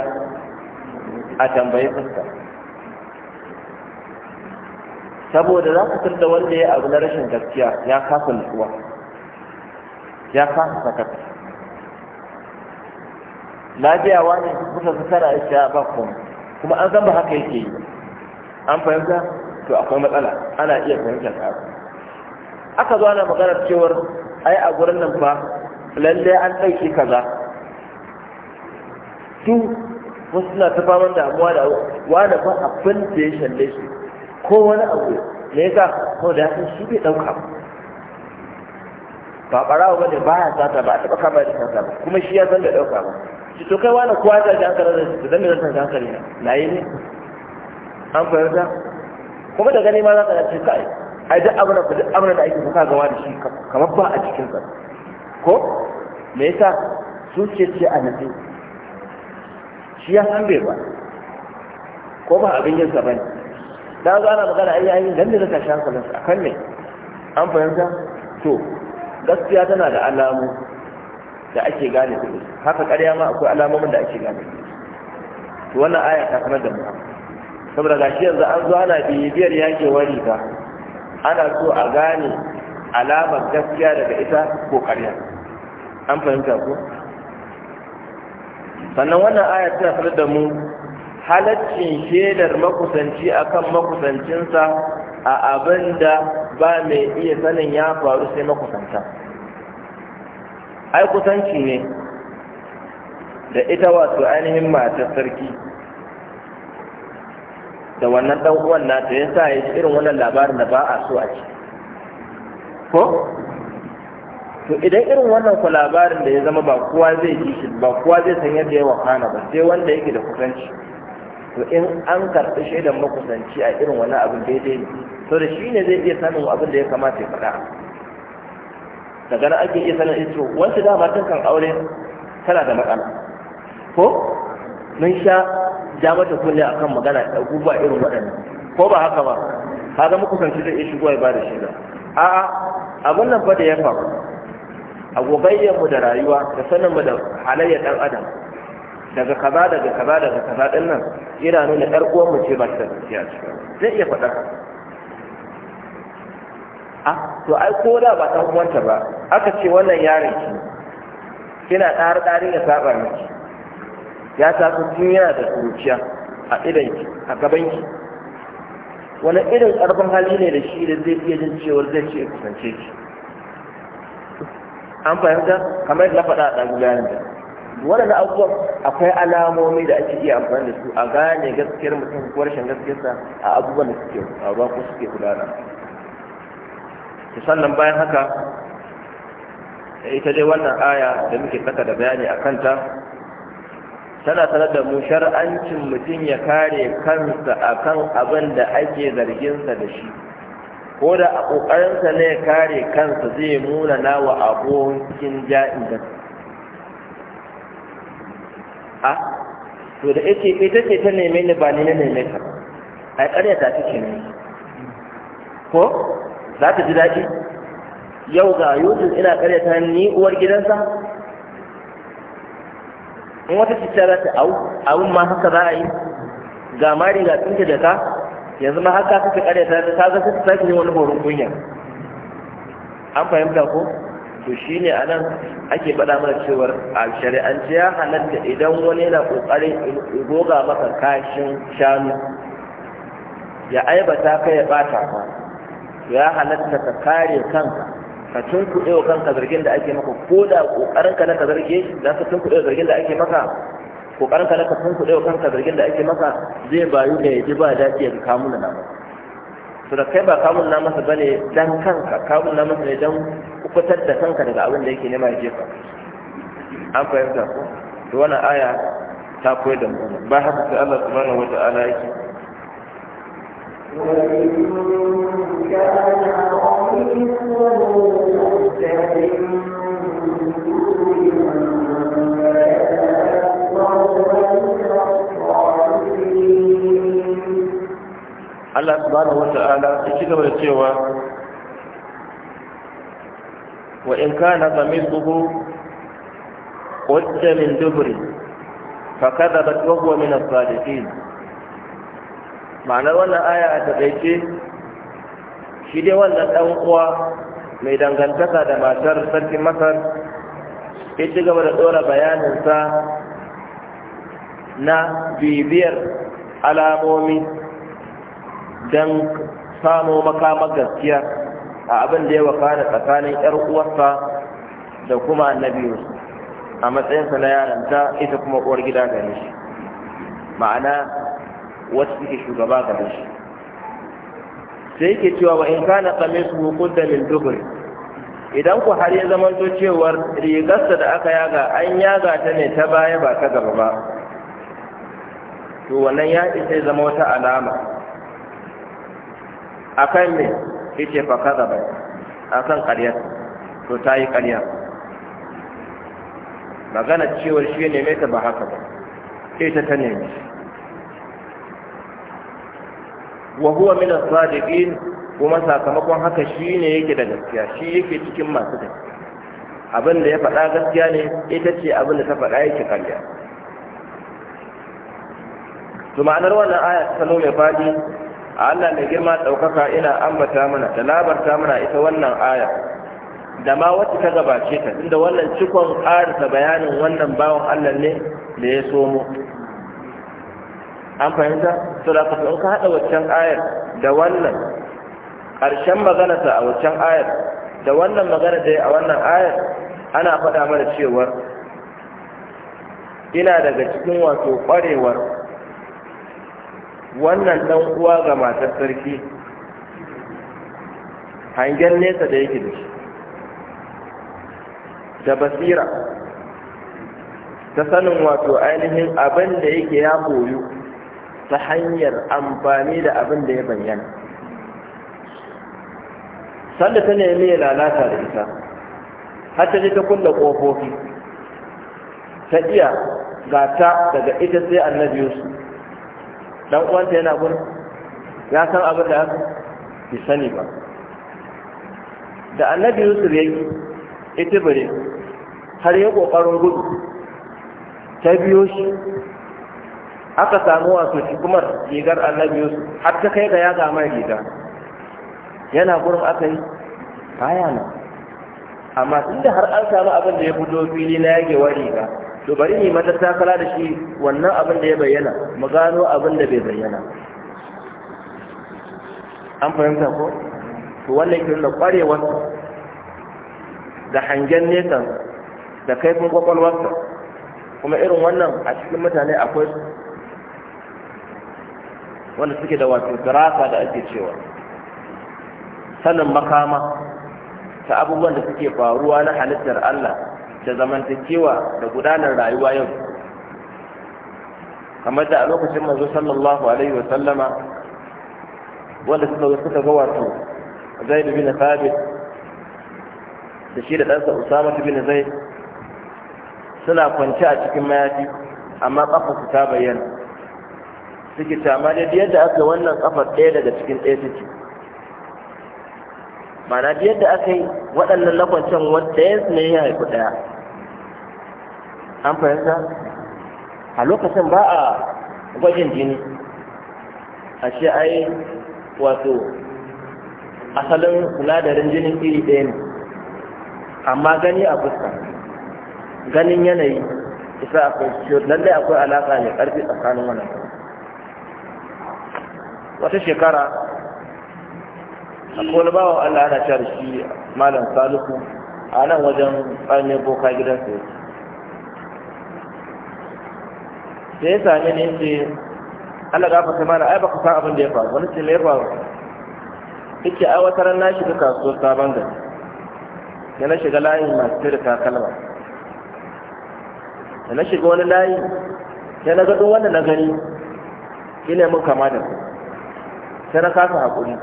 a tambayi fuska saboda za ku tunda wanda ya abu na rashin gaskiya ya kafa nutsuwa ya kafa sakata biya wani kusa su tara ya ba kuma kuma an zamba haka yake yi an fahimta to akwai matsala ana iya fahimtar haka aka zo ana maganar cewar ai a gurin nan fa lalle an ɗauki kaza su wasu suna ta faman damuwa da da ba abin da ya shalle shi ko wani abu ne ka ko da yasan shi bai ɗauka ba ba barawo ba ne ba ya sata ba a taɓa kama da sata ba kuma shi ya san da ɗauka ba shi to kai wani kowa ta ji hankali da shi zan yi zan hankali na yi ne an fahimta kuma da gani ma za ka ce kai A duk abin da duk da ake saka gawa da shi kamar ba a cikin sa ko me yasa su ce ce a nan shi ya san bai ba ko ba abin yin sa ne. da zo ana magana ai yayin dan da zaka shi kalin sa akan ne an fahimta to gaskiya tana da alamu da ake gane su haka ƙarya ma akwai alamomin da ake gane su wannan aya ta da mu saboda gashi yanzu an zo ana bibiyar yake wani ka ana so a gane alamar gaskiya daga ita ko ƙarya an fahimta ko sannan wannan aya tana sanar da mu halaccin shaidar makusanci akan makusancinsa a abin da ba mai iya sanin ya faru sai makusanta ai kusanci ne da ita wato ainihin matar sarki da wannan dan uwan nata ya sa ya irin wannan labarin da ba a so a ci ko to idan irin wannan ku labarin da ya zama ba kowa zai ji shi ba kowa zai san yadda ya wakana ba sai wanda yake da kusanci to in an karɓi shaidan makusanci a irin wannan abin daidai ne to da shi ne zai iya sanin abin da ya kamata ya faɗa daga nan ake iya sanin ito wasu dama tun kan aure tana da matsala ko mun sha ja mata kunya akan magana da abubuwa irin waɗannan ko ba haka ba muku makusanci zai iya shigo ya bada a a'a abin nan fa da ya faru a mu da rayuwa da mu da halayyar dan adam daga kaza daga kaza daga kaza ɗin nan ina nuna uwan mu ce ba ta gaskiya ce zai iya faɗa a ah, to ai ko da ba ɗan uwanta ba aka ce wannan yaron ki kina ɗar ɗarin ya saba miki ya taso tun da kuruciya a idanki a gabanki wani irin karfin hali ne da shi da zai iya jin cewar zai ce kusance ki an fahimta kamar yadda na faɗa a ɗan gudanar da waɗanda abubuwan akwai alamomi da ake iya amfani da su a gane gaskiyar mutum ko rashin gaskiyarsa a abubuwan da suke faruwa ko suke gudana sannan bayan haka ita dai wannan aya da muke saka da bayani a kanta tana sanar da mu shar'ancin mutum ya kare kansa akan abin da ake zarginsa da shi ko da a ƙoƙarinsa ne ya kare kansa zai munana wa abokin ja'ida a to da yake ita ce ta neme ni ba ni na neme ka a ƙarya ta ce ne ko za ta ji daɗi yau ga yusuf ina ƙarya ta ni uwar gidansa in wata cuta za ta au abin ma haka za a yi ga mari ga tsinke da ka yanzu ma haka fi kare ta ta ga ta sake yin wani horon kunya an fahimta ko to a nan ake faɗa mana cewar a shari'ance ya halatta idan wani yana kokarin goga maka kashin shanu ya aibata kai ya bata ya halatta ka kare kanka ka tunkuɗe wa kanka zargin da ake maka ko da ƙoƙarinka na ka zarge za ka tunkuɗe wa zargin da ake maka ƙoƙarinka na ka tunkuɗe wa kanka zargin da ake maka zai bayu da ya ji ba dace ya kamuna na masa to da kai ba kamun na masa bane dan kanka kamun na masa ne dan kufatar da kanka daga abin da yake nema ya jefa an fahimta ko to wannan aya ta koyar da mu ba haka sai Allah subhanahu wata'ala yake وإن كان Allah subhanahu wata'ala ya ci gaba da cewa wa in kana qamisuhu qudda min dubri fa kadabat wa huwa min as-sadiqin ma'anar wannan aya a taƙaice shi dai wannan ɗan uwa mai dangantaka da matar sarkin masar ya ci gaba da ɗora bayaninsa na bibiyar alamomi don samo makamar gaskiya a abin da ya da tsakanin 'yar uwarsa da kuma annabi a matsayinsa na yaranta ita kuma uwar gida gare shi ma'ana wasu suke shugaba gare shi sai yake cewa wa in kana qamisu qudda min dubr idan ku har ya zama to cewar rigarsa da aka yaga an yaga ta ne ta baya ba ta gaba ba to wannan ya ita zama wata alama akan me yace fa kaza ba akan ƙarya to ta yi ƙarya magana cewar shi ne mai ta ba haka ba ita ta nemi wa huwa min as-sadiqin kuma sakamakon haka shine yake da gaskiya shi yake cikin masu da abin da ya faɗa gaskiya ne ita ce abin da ta faɗa yake ƙarya to ma'anar wannan aya ta salo mai faɗi a Allah mai girma ɗaukaka ina ambata mana da labarta mana ita wannan aya da ma wacce ta gabace ta inda wannan cikon ƙarisa bayanin wannan bawan Allah ne da ya somo an fahimta to da kafin ka haɗa waccan ayar da wannan ƙarshen maganarsa a waccan ayar da wannan magana da a wannan ayar ana faɗa mana cewar ina daga cikin wato ƙwarewar wannan ɗan uwa ga matar sarki hangen nesa da yake da shi da basira ta sanin wato ainihin abin da yake ya koyo ta hanyar amfani da abin da ya bayyana sanda ta nemi ya lalata da ita har ta ji ta kulle ƙofofi ta iya gata daga ita sai annabi yusuf dan uwanta yana gun ya san abin da bai sani ba da annabi yusuf ya yi ita bare har ya ƙoƙarin gudu ta biyo shi aka samu wasu hikimar rigar annabi yusuf har ta kai ga ya gama riga yana gurin aka yi baya nan amma tun da har an samu abin da ya fito fili na wa riga to bari ne mata takala da shi wannan abin da ya bayyana mu gano abin da bai bayyana an fahimta ko to wannan ke nuna kwarewar da hangen nesa da kaifin kwakwalwarsa kuma irin wannan a cikin mutane akwai wanda suke da wato firasa da ake cewa sanin makama ta abubuwan da suke faruwa na halittar Allah da zamantakewa da gudanar rayuwa yau kamar da a lokacin manzo sallallahu alaihi wa sallama wanda suka suka ga wato Zaid bin Thabit da shi da ɗansa Usama bin Zaid suna kwance a cikin mayafi amma kafa su ta bayyana suke tama da dai yadda aka wannan kafar ɗaya daga cikin ɗaya suke mana da yadda aka yi waɗannan lakwancan wanda ya ne ya haifi ɗaya an fahimta a lokacin ba a gwajin jini a ce ai wato asalin sinadarin jinin iri ɗaya ne amma gani a fuska ganin yanayi isa akwai lallai akwai alaƙa mai ƙarfi tsakanin wannan wata shekara ko wani bawa Allah ana cewa shi malam Saliku a nan wajen tsamin boka gidan su sai ya same ni yace Allah gafa fa mana ai baka san abin da ya faru wani ce mai ya faru ai wata ran na shiga kasuwar sabon gari da na shiga layi masu da takalma da na shiga wani layi sai na ga duk wanda na gani ina mun kama da su sai na kasa haƙuri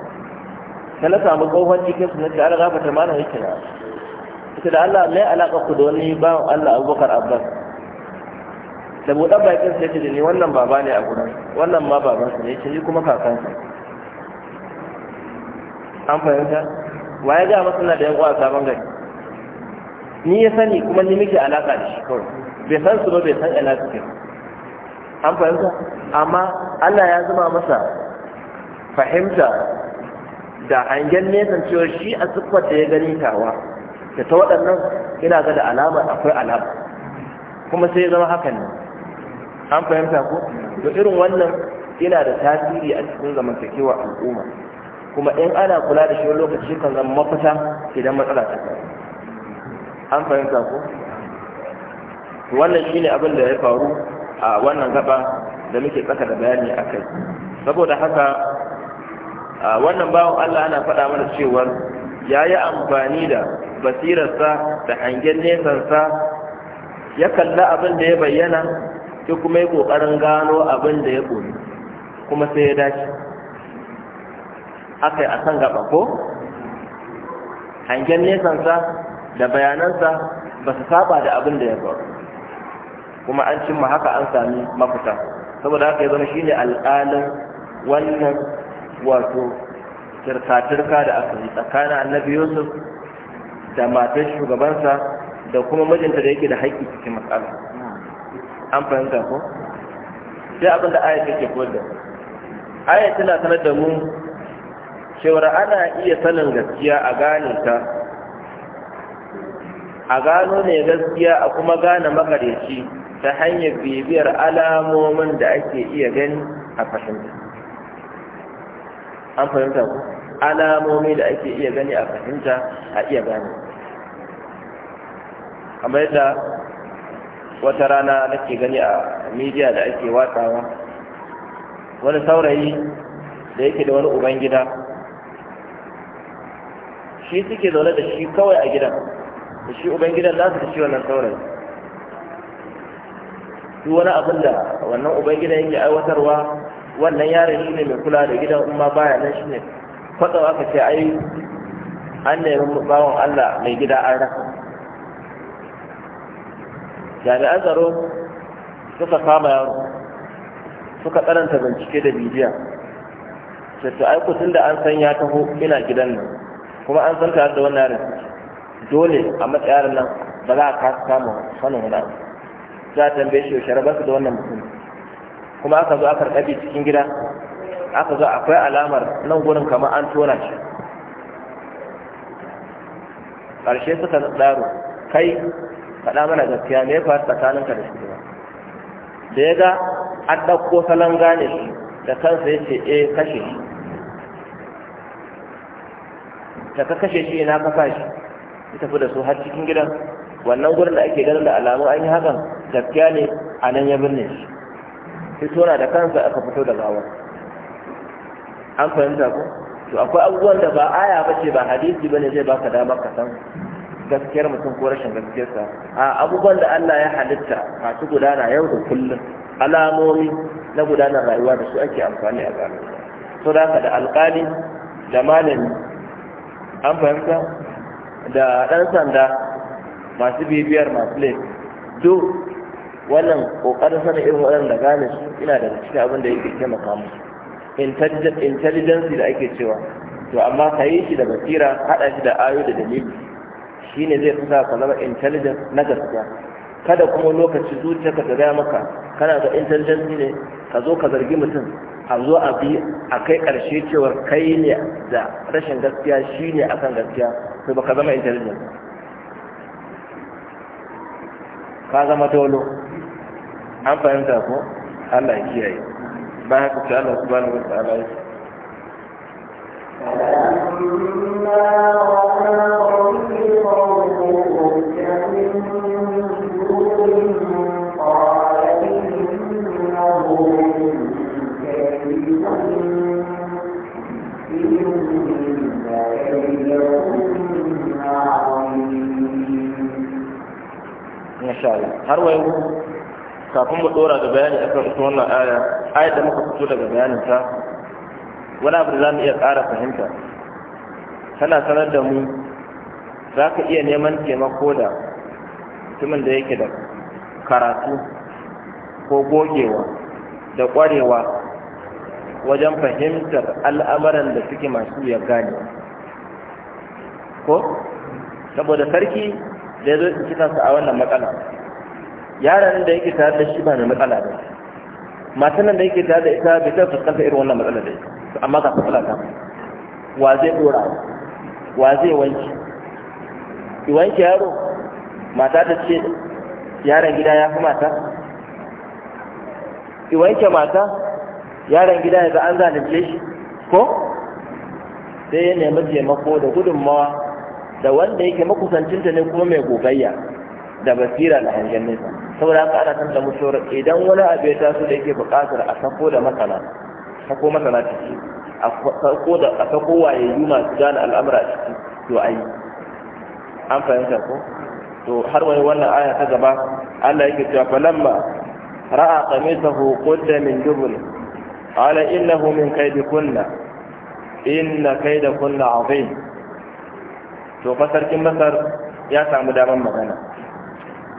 sai na samu tsohon cikin su na ce an gafa ta mana yake na ita da Allah mai alaƙa ku da wani ba Allah abubakar abbas da buɗan bakin sai ce da ni wannan baba ne a gudan wannan ma babansa ne ce ni kuma kakansa an fahimta wa ya ga masu na da yan uwa sabon gari ni ya sani kuma ni muke alaƙa da shi kawai bai san su ba bai san ina suke an fahimta amma Allah ya zuma masa fahimta da hangen nesan cewa shi a siffar da ya gani tawa da ta waɗannan ina ga da alamar akwai alama kuma sai ya zama hakan ne an fahimta ko to irin wannan yana da tasiri a cikin zamantakewa al'umma kuma in ana kula da shi lokaci kan zama mafita idan matsala ta faru an fahimta ko wannan shi ne abin da ya faru a wannan gaba da muke tsaka da bayani akai saboda haka a wannan bawon Allah ana faɗa mana cewa ya yi amfani da basirarsa da hangen nesansa ya kalla abin da ya bayyana ya kuma yi ƙoƙarin gano abin da ya ƙoyi kuma sai ya dace aka yi a kan gaba ko hangen nesansa da bayanansa ba su saba da abin da ya faru kuma an cimma haka an sami mafita saboda haka ya zama shi ne alƙalin wannan wato turka-turka da aka yi tsakanin annabi yusuf da matar shugabansa da kuma mijinta da yake da haƙƙi cikin matsala an fahimta ko sai abin da ayat take koyar da ayat tana sanar da mu cewar ana iya sanin gaskiya a gane ta a gano ne gaskiya a kuma gane makareci ta hanyar bibiyar alamomin da ake iya gani a fahimta an fahimta ku alamomi da ake iya gani a fahimta a iya gane amma yadda wata rana nake gani a media da ake watsawa wani saurayi da yake da wani uban gida shi suke zaune da shi kawai a gidan da shi uban gidan su da shi wannan saurayi Su wani abin da wannan uban gidan yake aiwatarwa wannan yaron shi ne mai kula da gidan umma baya nan shi ne kwatsam aka ce ai an nemi bawon Allah mai gida an rasa jami'an tsaro suka kama yaro suka tsananta bincike da bidiyan sai ai kutun da an san ya taho ina gidan nan kuma an san tare da wannan yaron dole a matsayar nan ba za a kasa samun sanin wani abu za a tambaye shi yaushe rabarsa da wannan mutum kuma aka zo aka rikabe cikin gida aka zo akwai alamar nan gurin kamar an tona shi ƙarshe suka tsaro kai faɗa mana gaskiya ne fa ka da ba da ya ga an ɗauko salon gane shi da kansa ya ce e kashe shi da ka kashe shi ina ka shi, ya tafi da su har cikin gidan wannan gurin da ake ganin da alamun an yi hakan gaskiya ne a nan ya birne shi Fito na da kansa aka fito da gawar an fahimta ku? to akwai abubuwan da ba aya ba ce ba hadisi ba ne zai baka damar ka san gaskiyar mutum ko rashin gaskiyarsa a abubuwan da Allah ya halitta masu gudana yau da kullum alamomi na gudanar rayuwa da su ake amfani a gano so da da alƙali da malami an fahimta da ɗan sanda masu bibiyar masu laifi duk wannan kokarin sanin irin waɗanda gane su ina daga cikin abin da yake taimaka musu intelligence da ake cewa to amma ka yi shi da basira haɗa shi da ayo da dalili shi ne zai sa ka zama intelligence na gaskiya kada kuma lokaci zuciya ka gaya maka kana da intelligence ne ka zo ka zargi mutum a zo a bi a kai ƙarshe cewar kai ne da rashin gaskiya shi ne akan gaskiya to baka zama intelligence ka zama dolo an fahimta ko Allah ya kiyaye ba haka sai Allah subhanahu wa ta'ala ya Masha Allah, har wayo kafin mu dora da bayani akan ita wannan aya ayat da muka fito daga bayanin ta wani abu da za mu iya ƙara fahimta tana sanar da mu za ka iya neman taimako da mutumin da yake da karatu ko gogewa da ƙwarewa wajen fahimtar al'amuran da suke masu ya gane ko saboda sarki da ya zo cikinsa a wannan matsala yaran da yake tare da shi ba da matsala ba matan nan da yake tare da ita bai tafi kanta irin wannan matsala da ita amma ka matsala ta wa zai dora wa zai wanki ki wanki yaro mata ta ce yaron gida ya fi mata ki wanke mata yaron gida ya ga an zalunce shi ko sai ya nemi taimako da gudunmawa da wanda yake makusancinta ne kuma mai gogayya da basira da hangen nesa saboda haka ana san da mutuwar idan wani abu ya taso da yake buƙatar a sako da masana sako masana ciki a sako da a wayayyu masu gane al'amura ciki to ai an fahimta ko to har wani wannan aya ta gaba Allah yake cewa falamma ra'a qamisahu qudda min dubul qala innahu min kaydikunna inna kaydakunna azim to fa sarkin masar ya samu daman magana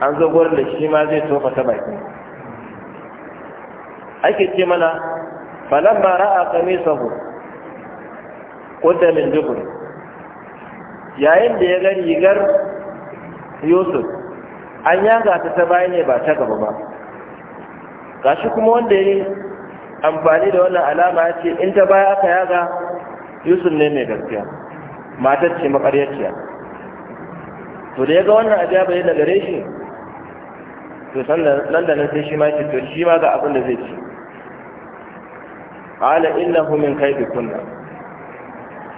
an zo gurin da shi ma zai tofa ta baki ake ce mana ba ra'a qamisahu qudda min dubur yayin da ya ga rigar Yusuf an yaga ta ta bayan ne ba ta gaba ba gashi kuma wanda ya yi amfani da wannan alama ya ce in ta baya aka yaga Yusuf ne mai gaskiya matar ce makaryaciya to da ya ga wannan abu ya bayyana gare shi to nan da nan sai shi ma ce to shi ma ga abin da zai ci qala innahu min kaydi kunna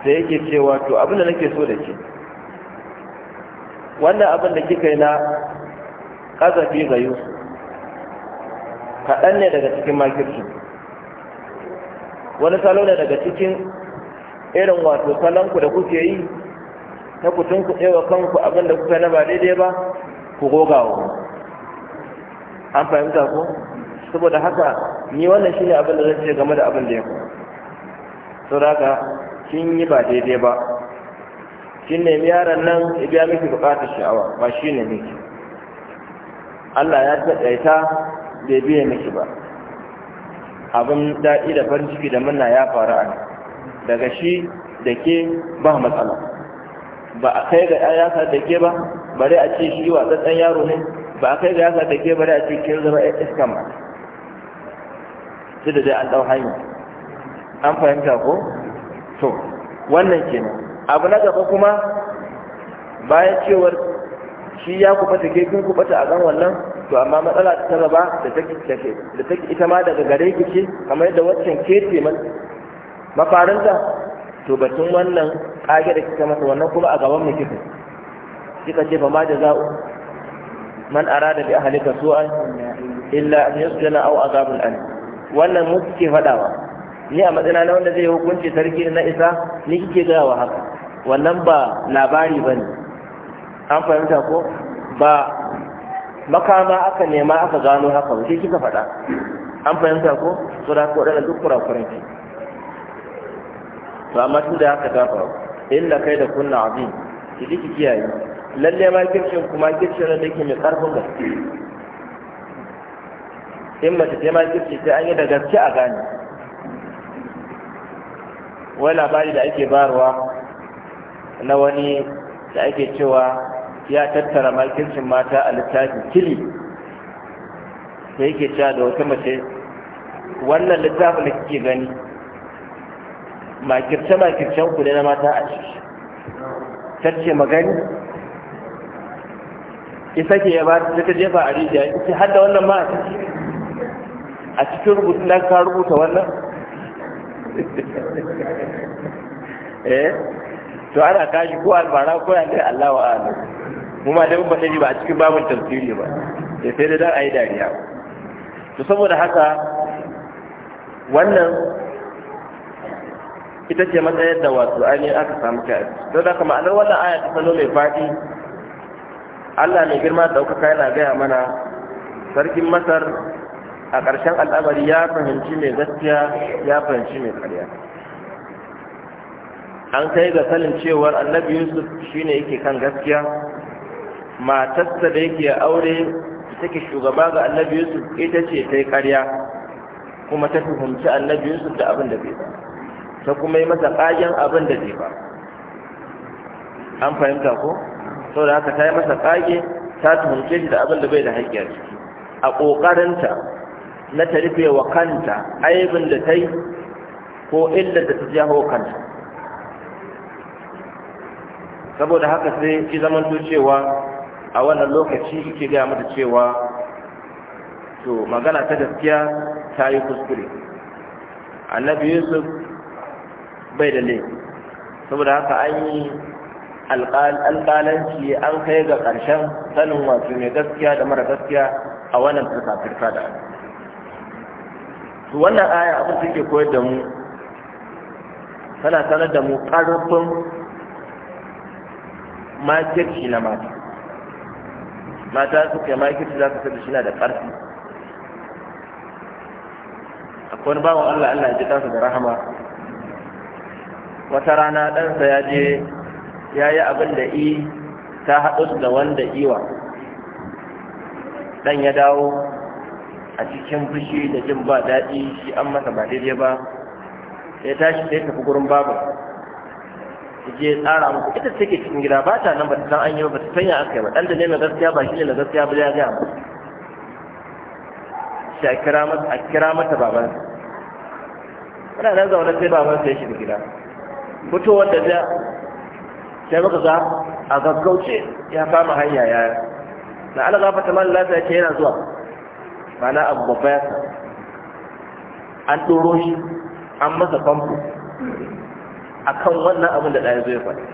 sai yake cewa to abin da nake so da ke wannan abin da kika yi na kazafi ga Yusuf kaɗan ne daga cikin makirci wani salo ne daga cikin irin wato salonku da kuke yi ta ku tsewa kanku abin da kuka na ba daidai ba ku gogawa an fahimta ko saboda haka ni wannan shine abin da zan ce game da abin da ya so da haka kin yi ba daidai ba kin nemi yaron nan ya biya miki bukatar sha'awa ba shi ne miki Allah ya taɗaita bai biya miki ba abin daɗi da farin ciki da murna ya faru a daga shi da ke ba matsala ba a kai ga ya da ke ba bare a ce shi wa tsatsan yaro ne ba a kai ga yasa da ke bari a ce zama yan iska ma. da dai an ɗau hanya an fahimta ko to wannan kenan abu na gaba kuma bayan cewar shi ya kubata ke kuɓa ta a gan wannan to amma matsala ta gaba da ta take ita ma daga gare ki ce kamar yadda waccan ke ce mafarinta to batun wannan kage da kika masa wannan kuma a gaban mu kika kika ce ba ma da za'u man arada bi ahlika su'an illa an yusjana aw azabun an wannan mu fadawa ni a matsayina na wanda zai hukunci sarki na isa ni kike gaya wa haka wannan ba labari bane an fahimta ko ba makama aka nema aka gano haka ba sai kika faɗa an fahimta ko to da ko da duk kurakuran ki to amma tun da haka ta faru illa kai da kunna azim ki diki kiyaye lalle ma kirkin kuma kirkin da yake mai karfin gaske in mace ta ma kirki sai an yi da gaske a gane wani labari da ake barwa na wani da ake cewa ya tattara makircin mata a littafi kili da yake cewa da wata mace wannan littafin da kike gani makirce makircen kudi na mata a ciki tacce magani isa ke ya ba ta ta jefa a rijiya ita har da wannan ma a cikin rubutun da ka rubuta wannan eh to ana kashi ko albara ko ya dai Allah wa kuma mu ma dai ba sani ba a cikin babin tafsiri ba sai sai da dan yi dariya to saboda haka wannan ita ce matsayar da wato ainihin aka samu kai to da kuma ma'anar wannan aya ta salo mai faɗi Allah mai girma ɗaukaka yana gaya mana sarkin masar a ƙarshen al'amari ya fahimci mai gaskiya ya fahimci mai ƙarya an kai ga sanin cewar annabi yusuf shine yake kan gaskiya matarsa da yake aure ke shugaba ga annabi yusuf ita ce ta yi ƙarya kuma ta fahimci annabi yusuf da abin da bai ba ta kuma yi masa ƙagen abin da bai ba an fahimta ko saboda haka ta yi masa ƙage ta tuhumce shi da abin da bai da haƙƙi a ƙoƙarinta na ta rufe wa kanta aibin da ta yi ko illar da ta jawo kanta saboda haka sai ki zamanto cewa a wannan lokaci ki gaya mata cewa to magana ta gaskiya ta yi kuskure annabi yusuf bai da laifi saboda haka an yi alƙalanci an kai ga ƙarshen sanin wato mai gaskiya da mara gaskiya a wannan firka da su wannan aya abin suke koyar da mu tana sanar da mu ƙarfin makirci na mata mata su kai makirci za su da shi na da ƙarfi akwai wani Allah Allah ya ji kansa da rahama wata rana ɗansa ya je ya yi abin da i ta haɗu da wanda iwa ɗan ya dawo a cikin fushi da jin ba daɗi shi an masa ba daidai ba ya tashi sai tafi gurin babu je tsara muku ita take cikin gida ba ta nan ba ta san an yi ba ta sanya aka yi ba ɗan da ne na gaskiya ba shi ne na gaskiya ba ya gaya ba shi a kira mata baban ana nan zaune sai baban sai shi da gida fitowar da sai muka ga a gaggauce ya kama hanya ya na ala gafa ta malala ta ke yana zuwa mana abu babba ya sa an ɗoro shi an masa famfo a kan wannan abin da ɗaya zai faɗi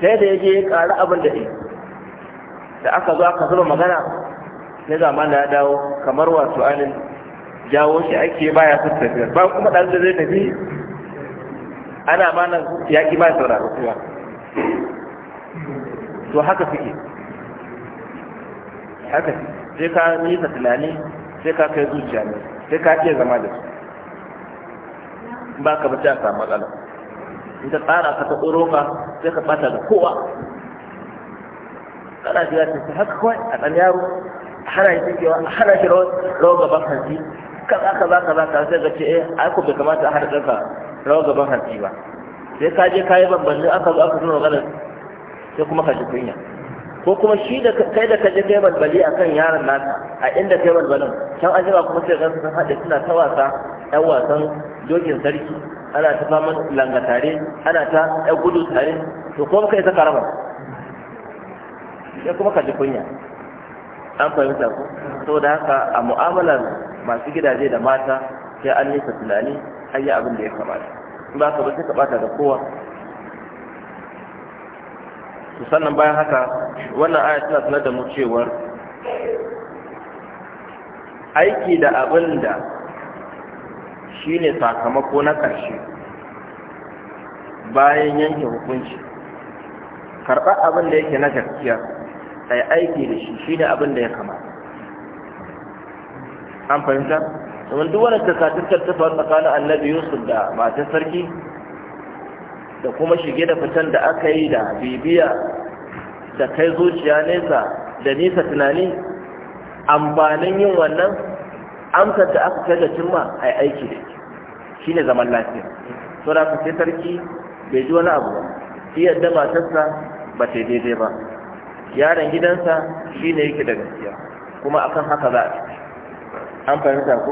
sai da ya je ya ƙari abin da ɗaya da aka zo aka zuba magana sai zamana ya dawo kamar wasu anin jawo shi ake baya sun tafiya ba kuma ɗan da zai tafi ana nan yaƙi ba sauraro kuma to haka suke haka sai ka nisa tunani sai ka kai zuciya ne sai ka iya zama da su ba ka bace a samu matsala in ta tsara ka ta tsoro ka sai ka bata da kowa kana zafi ta haka kawai a ɗan yaro hana shi a hana shi rawar gaban hanci za ka za ka sai ga ce eh ai ko bai kamata a haɗa ɗanka rawar gaban hanci ba sai ka je ka yi bambanci aka zo aka zo magana sai kuma ka ji kunya ko kuma shi da kai da kaje kai balbali akan yaron naka a inda kai balbalin can an jima kuma sai gansu sun haɗe suna ta wasa ɗan wasan dokin sarki ana ta faman langa tare ana ta ɗan gudu tare to kuma kai ta karama sai kuma ka ji kunya an fahimta ko saboda haka a mu'amalar masu gidaje da mata sai an nisa tunani an yi abin da ya kamata ba ka ba sai ka bata da kowa sannan bayan haka wannan aya tana sanar da mu cewar aiki da abin da shi ne sakamako na ƙarshe bayan yanke hukunci karɓar abin da yake na gaskiya a yi aiki da shi shi ne abin da ya kamata an fahimta domin duk wani tasatittar tafa tsakanin annabi yusuf da matan sarki da kuma shige da fitan da aka yi da bibiya da kai zuciya nesa da nisa tunani amfanin yin wannan amsar da aka kai da cimma a aiki da shi ne zaman lafiya so da ka sai sarki bai ji wani abu ba shi yadda matarsa ba ta daidai ba yaron gidansa shi ne yake da gaskiya kuma akan haka za a ci an fahimta ko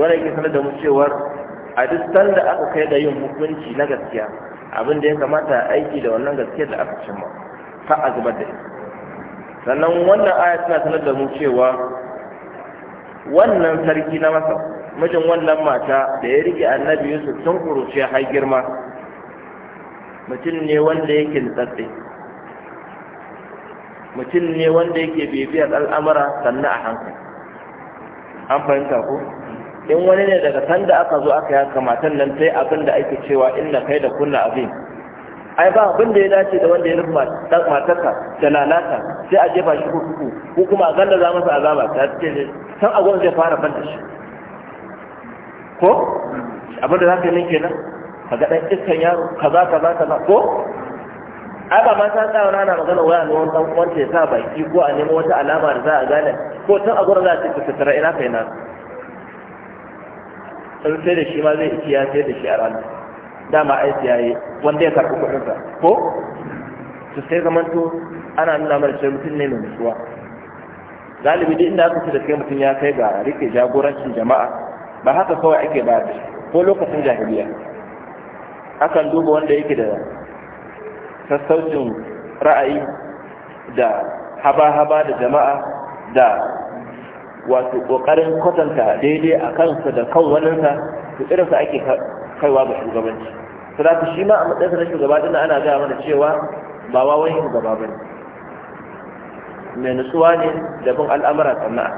wanda yake sanar da mu cewar a duk sanda aka kai da yin hukunci na gaskiya abin da ya kamata aiki da wannan gaske da aka cimma ka a zubar da sannan wannan aya tana sanar da mu cewa wannan sarki na masa mijin wannan mata da ya rike annabi yusuf tun kuruciya har girma mutum ne wanda yake nutsatse mutum ne wanda yake bibiyar al'amura sannan a hankali an fahimta ko in wani ne daga sanda aka zo aka yaka matan nan sai abin da ake cewa inna kai da kunna abin ai ba abin da ya dace da wanda ya rufe matarka da lalata sai a jefa shi kuku ko kuma a ganda za masa azaba ta ce ne san agon zai fara banta shi ko abin da za ka yi nan kenan ka ga ɗan iskan yaro kaza kaza kaza ko ai ba ma ta wani ana magana waya ne wani ɗan wanda ya sa baki ko a nemo wata alama da za a gane ko tun agon za a ce ka tattara ina kai na sun sai da shi ma zai iya sai da shi a ranar dama ai siyaye wanda ya karɓi kuɗinsa ko su sai zamanto ana nuna mana cewa mutum ne mai nutsuwa galibi duk inda aka da kai mutum ya kai ga rike jagorancin jama'a ba haka kawai ake ba da ko lokacin jahiliya akan duba wanda yake da sassaucin ra'ayi da haba-haba da jama'a da wato kokarin kwatanta daidai a kansa da kan waninsa su irinsa ake kaiwa ga shugabanci to shi ma a matsayinsa na shugaba ɗin ana gaya mana cewa ba wa wani shugaba ne. mai nutsuwa ne da bin al'amura sannan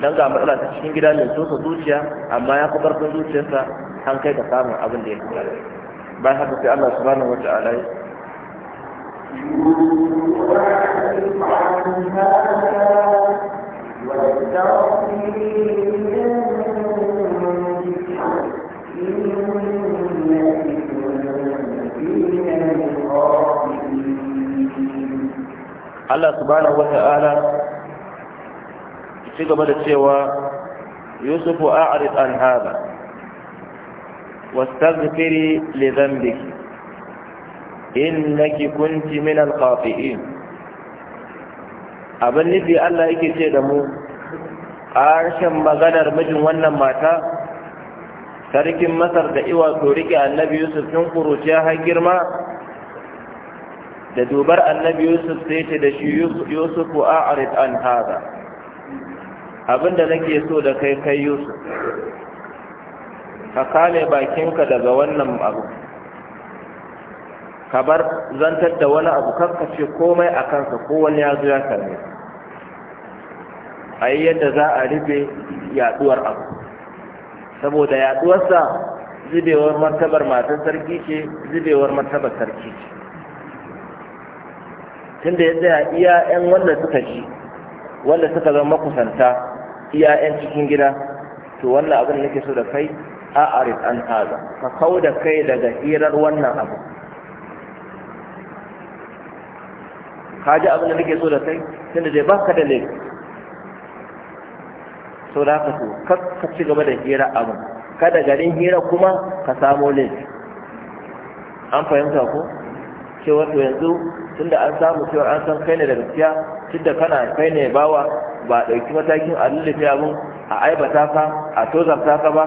dan ga matsala ta cikin gida mai sosa zuciya amma ya fi ƙarfin zuciyarsa an kai ga samun abin da ya fi bayan haka sai Allah subhanahu wata'ala ya Thank you. Allah subhanahu wata'ala ci gaba da cewa Yusufu a'rid an hada wastaghfiri li dhanbiki innaki kunti min al-khati'in abin nufi Allah yake ce da mu A harshen maganar mijin wannan mata sarkin masar da iwa to riƙe annabi yusuf sun kuruciya har girma da dubar annabi yusuf sai ce da shi yusuf a arit an haza abinda nake so da kai kai yusuf ka kame bakinka daga wannan abu ka bar zantar da wani abu ce komai a kansa ko wani ya zo ya same a yi yadda za a rufe yaduwar abu saboda yaduwarsa zubewar martabar matan sarki ce zubewar martabar sarki ce tunda ya tsaya iya 'yan wanda suka ji wanda suka zama kusanta iya 'yan cikin gida to wannan abin da nake so da kai a arif an haza ka kau da kai daga hirar wannan abu ka ji abin da nake so da kai tunda ba ka da ne so da haka to ka ci gaba da hira abin kada garin hira kuma ka samo ne an fahimta ko cewa to yanzu tunda an samu cewa an san kai ne da gaskiya tunda kana kai ne bawa ba ɗauki matakin a lullufe abin a aibata ka a tozarta ka ba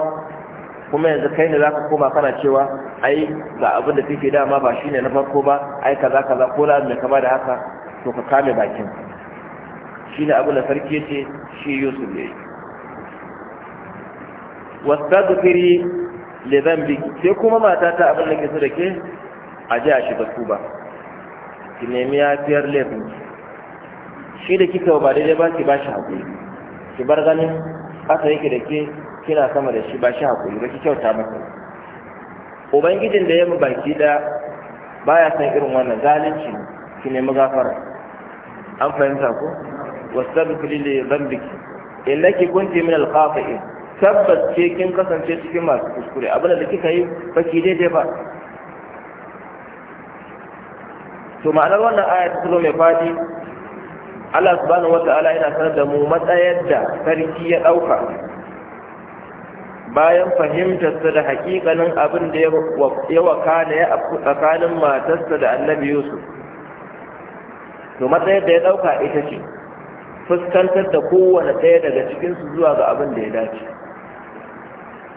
kuma yanzu kai ne zaka koma kana cewa ai ga abin da kake dama ba shine na farko ba ai kaza kaza ko la mai kama da haka to ka kame bakin shi ne abu da sarki ce shi yusuf ya yi wastagfiri li dhanbi sai kuma mata ta abin da ke so da ke a ji a shiga tuba ki nemi yafiyar laifin shi da kika ba daidai ba ki ba shi hakuri ki bar ganin haka yake da ke kina sama da shi ba shi hakuri ba ki kyauta masa ubangijin da ya mu baki da baya san irin wannan zalunci ki nemi gafara an fahimta ko wastaghfiri li dhanbiki illaki kunti min al-khati'in tabbas ce kin kasance cikin masu kuskure abinda da kika yi baki daidai ba to ma'anar wannan aya ta zo mai fadi Allah subhanahu wata'ala yana sanar da mu matsayar da sarki ya dauka bayan fahimtar sa da hakikanin abin da ya wakana ya tsakanin matarsa da Annabi Yusuf to matsayar da ya ɗauka ita ce fuskantar da kowane ɗaya daga cikinsu zuwa ga abin da ya dace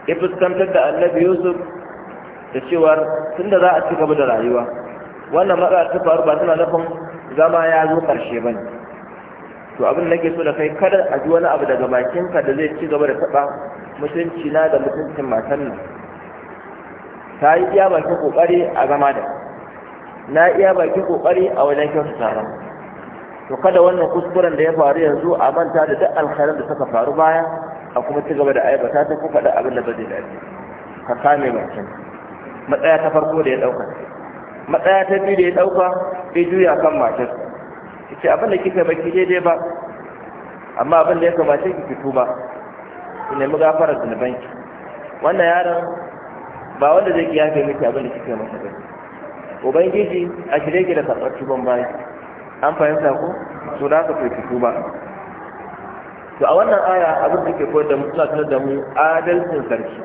ya fuskantar da annabi yusuf da cewar tun da za a ci gaba da rayuwa wannan matsala ta faru ba tana nufin zama ya zo ƙarshe ba ne to abin da nake so da kai kada a ji wani abu daga bakinka da zai ci gaba da taɓa mutunci na da mutuncin matan nan ta yi iya bakin ƙoƙari a zama da na iya bakin ƙoƙari a wajen kyautata to kada wannan kuskuren da ya faru yanzu a manta da duk alkhairan da suka faru baya a kuma ci gaba da aibata ta ku faɗa abin da ba zai dace ka kame mutum. matsaya ta farko da ya ɗauka matsaya ta biyu da ya ɗauka bai juya kan matar ki abin da kika baki daidai ba amma abin da ya kamace ki fito ba ki nemi gafarar zunubanki wannan yaron ba wanda zai kiyaye miki abin da kika masa ba ubangiji a shirye ki da karɓar tuban bayan an fahimta ko to da ka fititu ba to a wannan aya abin da ke koyar da mu suna sanar da mu adalcin sarki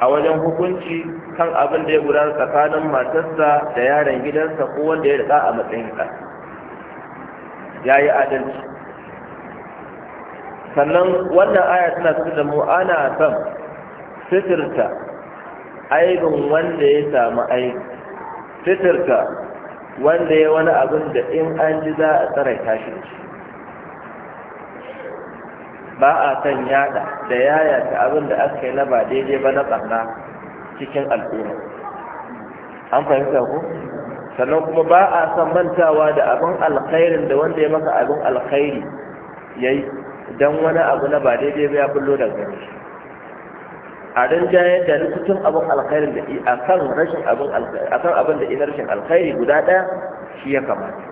a wajen hukunci kan abin da ya gudana tsakanin matarsa da yaron gidansa ko wanda ya rika a matsayin ka ya yi adalci sannan wannan aya tana tunar da mu ana son fitirta aibin wanda ya samu aiki fitirta wanda ya wani abin da in an ji za a tsara tashi shi ba a san yada da yaya ta abin da aka yi na ba daidai ba na tsarna cikin al'umma an fahimta ku sannan kuma ba a san mantawa da abin alkhairin da wanda ya maka abin alkhairi ya yi don wani abu na ba daidai ba ya bullo daga gare shi a dan jayar da rikicin abin alkhairin da a kan rashin abin a kan abin da ina rashin alkhairi guda ɗaya shi ya kamata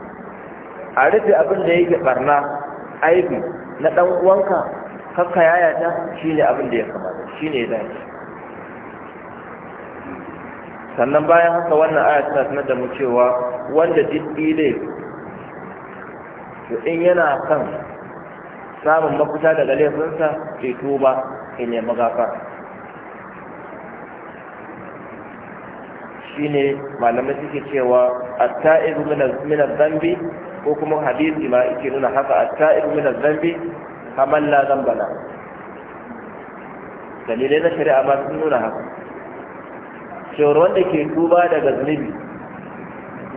a rufe abin da yake barna aibi na ɗan uwanka kakka yaya ta shi ne abin da ya kamata shi ne ya sannan bayan haka wannan aya tana sanar da mu cewa wanda duk ile to in yana kan samun mafita daga laifinsa ke tuba in ya magafara shine malamai suke cewa at-ta'ibu min adh ko kuma hadisi ma yake nuna haka at-ta'ibu min adh-dhanbi kaman la dhanbala dalilai na shari'a ma sun nuna haka cewar wanda ke duba daga zunubi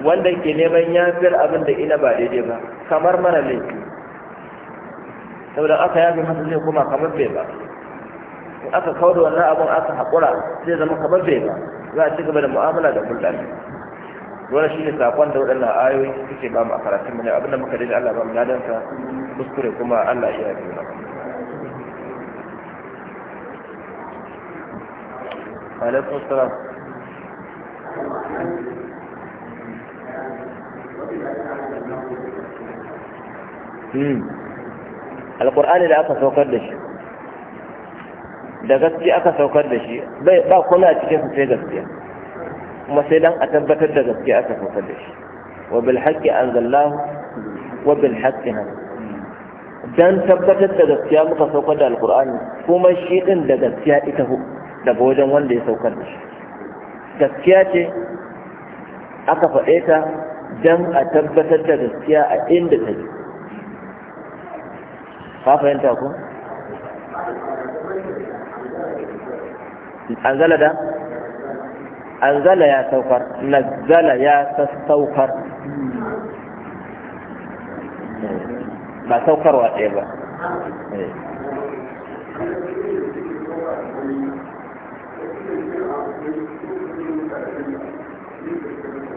wanda ke neman yafiyar abin da ina ba daidai ba kamar mara laifi saboda aka yafi masa zai kuma kamar bai ba in aka kawo da wannan abin aka haƙura zai zama kamar bai ba za a ci gaba da mu'amala da hulɗa wani shi ne saƙon da waɗannan ayoyi suke ba mu a karatun mu ne abinda muka dai Allah ba mu ladansa kuskure kuma Allah ya yi mana alaikum salam Hmm. Alƙur'ani da aka saukar da shi da gaske aka saukar da shi bai ba kuma a su sai gaskiya kuma sai dan a tabbatar da gaske aka saukar da shi wa bil haqqi anzalahu wa bil haqqi dan tabbatar da gaskiya muka saukar da alqur'ani kuma shi din da gaskiya ita hu daga wajen wanda ya saukar da shi gaskiya ce aka faɗe ta dan a tabbatar da gaskiya a inda take ka fahimta ko anzala da anzala ya saukar nazzala ya sassaukar ba saukarwa ɗaya ba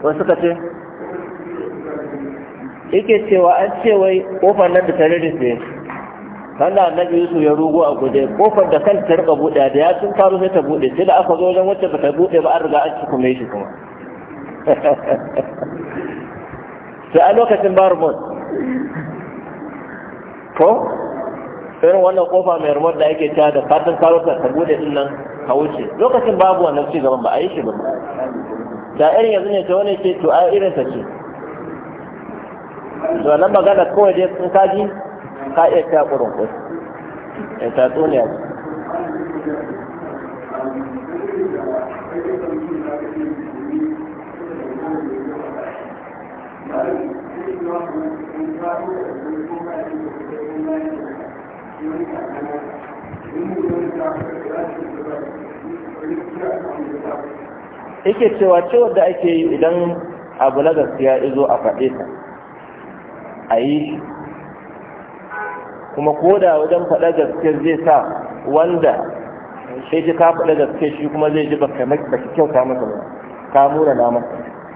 wasu ka ce yake cewa an ce wai ƙofar nan da tare da su na annabi yusuf ya rugo a guje kofar da kanta ta rika buɗe da ya sun karo sai ta buɗe sai da aka zo wajen wacce ba ta buɗe ba an riga an ci kuma shi kuma sai a lokacin ba remote ko irin wannan kofa mai remote da ake tada da fatan karo ta ta buɗe din nan ka wuce lokacin babu wannan ci gaban ba a yi shi ba da irin yanzu ne ta wani ce to a irin ta ce to nan magana kawai dai sun kaji ka iya ta ƙurin ƙus ya eh, ta tsuniya Ike cewa cewar da ake yi idan abu na gaskiya izo a faɗe ta a yi kuma koda wajen faɗa gaske zai sa wanda sai ji ka faɗa gaske shi kuma zai ji baka baka kyauta masa ba ka mura na masa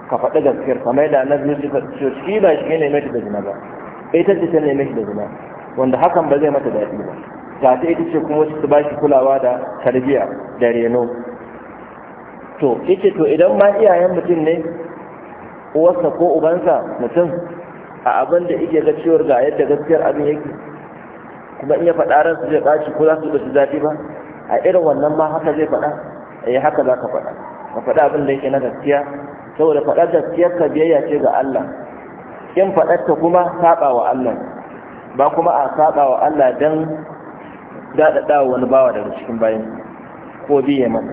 ka faɗa gaskiyar mai da ka ce, shi ba shi ne mai da zina ba ita ce ta neme shi da zina wanda hakan ba zai mata daɗi ba ta ta ita ce kuma su ba shi kulawa da tarbiyya da reno to yace to idan ma iyayen mutum ne uwarsa ko ubansa mutum a abin da yake ga ciwar ga yadda gaskiyar abin yake kuma in ya faɗa su zai ɓaci ko za su ɗauki su zafi ba a irin wannan ma haka zai faɗa eh haka za ka faɗa ka faɗa abin da yake na gaskiya saboda faɗar gaskiyar ka biyayya ce ga Allah in faɗar ta kuma saɓa wa Allah ba kuma a saɓa wa Allah don daɗaɗa wani bawa daga cikin bayan ko biye masa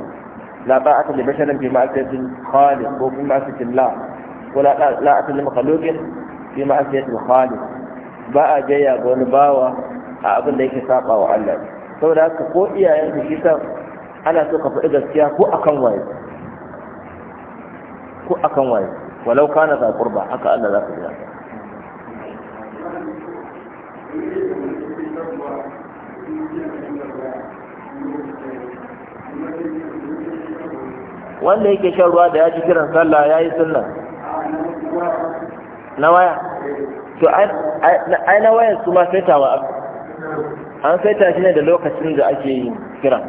la ba'ata li basharin fi ma'asiyatin khalid ko fi ma'asiyatin la ko la la'ata li makhluqin fi ma'asiyatin khalid ba a jayya ga wani bawa a abin da yake saba wa Allah saboda haka ko iyayen su kisa ana so ka faɗi gaskiya ko akan waye ko akan waye walau kana za qurba haka Allah za ka jira wanda yake shan ruwa da ya ji kiran sallah ya yi sunna na waya to ai na waya su ma sai tawa an saita shi ne da lokacin da ake yin kira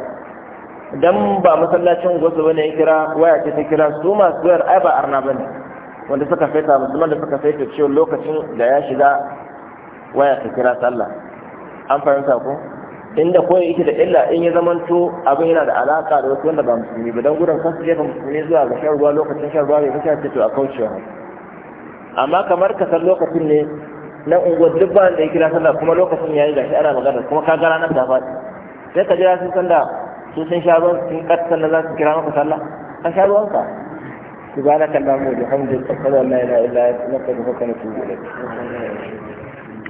dan ba masallacin gwasu bane ya kira waya ce ta kira su masu wayar ai ba arna bane wanda suka saita musamman da suka saita cewa lokacin da ya shiga waya ta kira sallah an fahimta ko inda koyi yake da illa in ya zamanto abin yana da alaka da wasu wanda ba musulmi ba don gudun kasu jefa musulmi zuwa ga shan ruwa lokacin shan ruwa bai kashe to a kaucewa amma kamar ka san lokacin ne na unguwar duk ba da ya kira sallah kuma lokacin da gashi ana magana kuma ka gara nan da faɗi sai ka jira sun sanda su sun sha ruwan sun ƙasa sannan za su kira maka sallah ka sha ruwanka subhanaka allahumma wa bihamdika ashhadu an la ilaha illa anta astaghfiruka wa atubu ilayk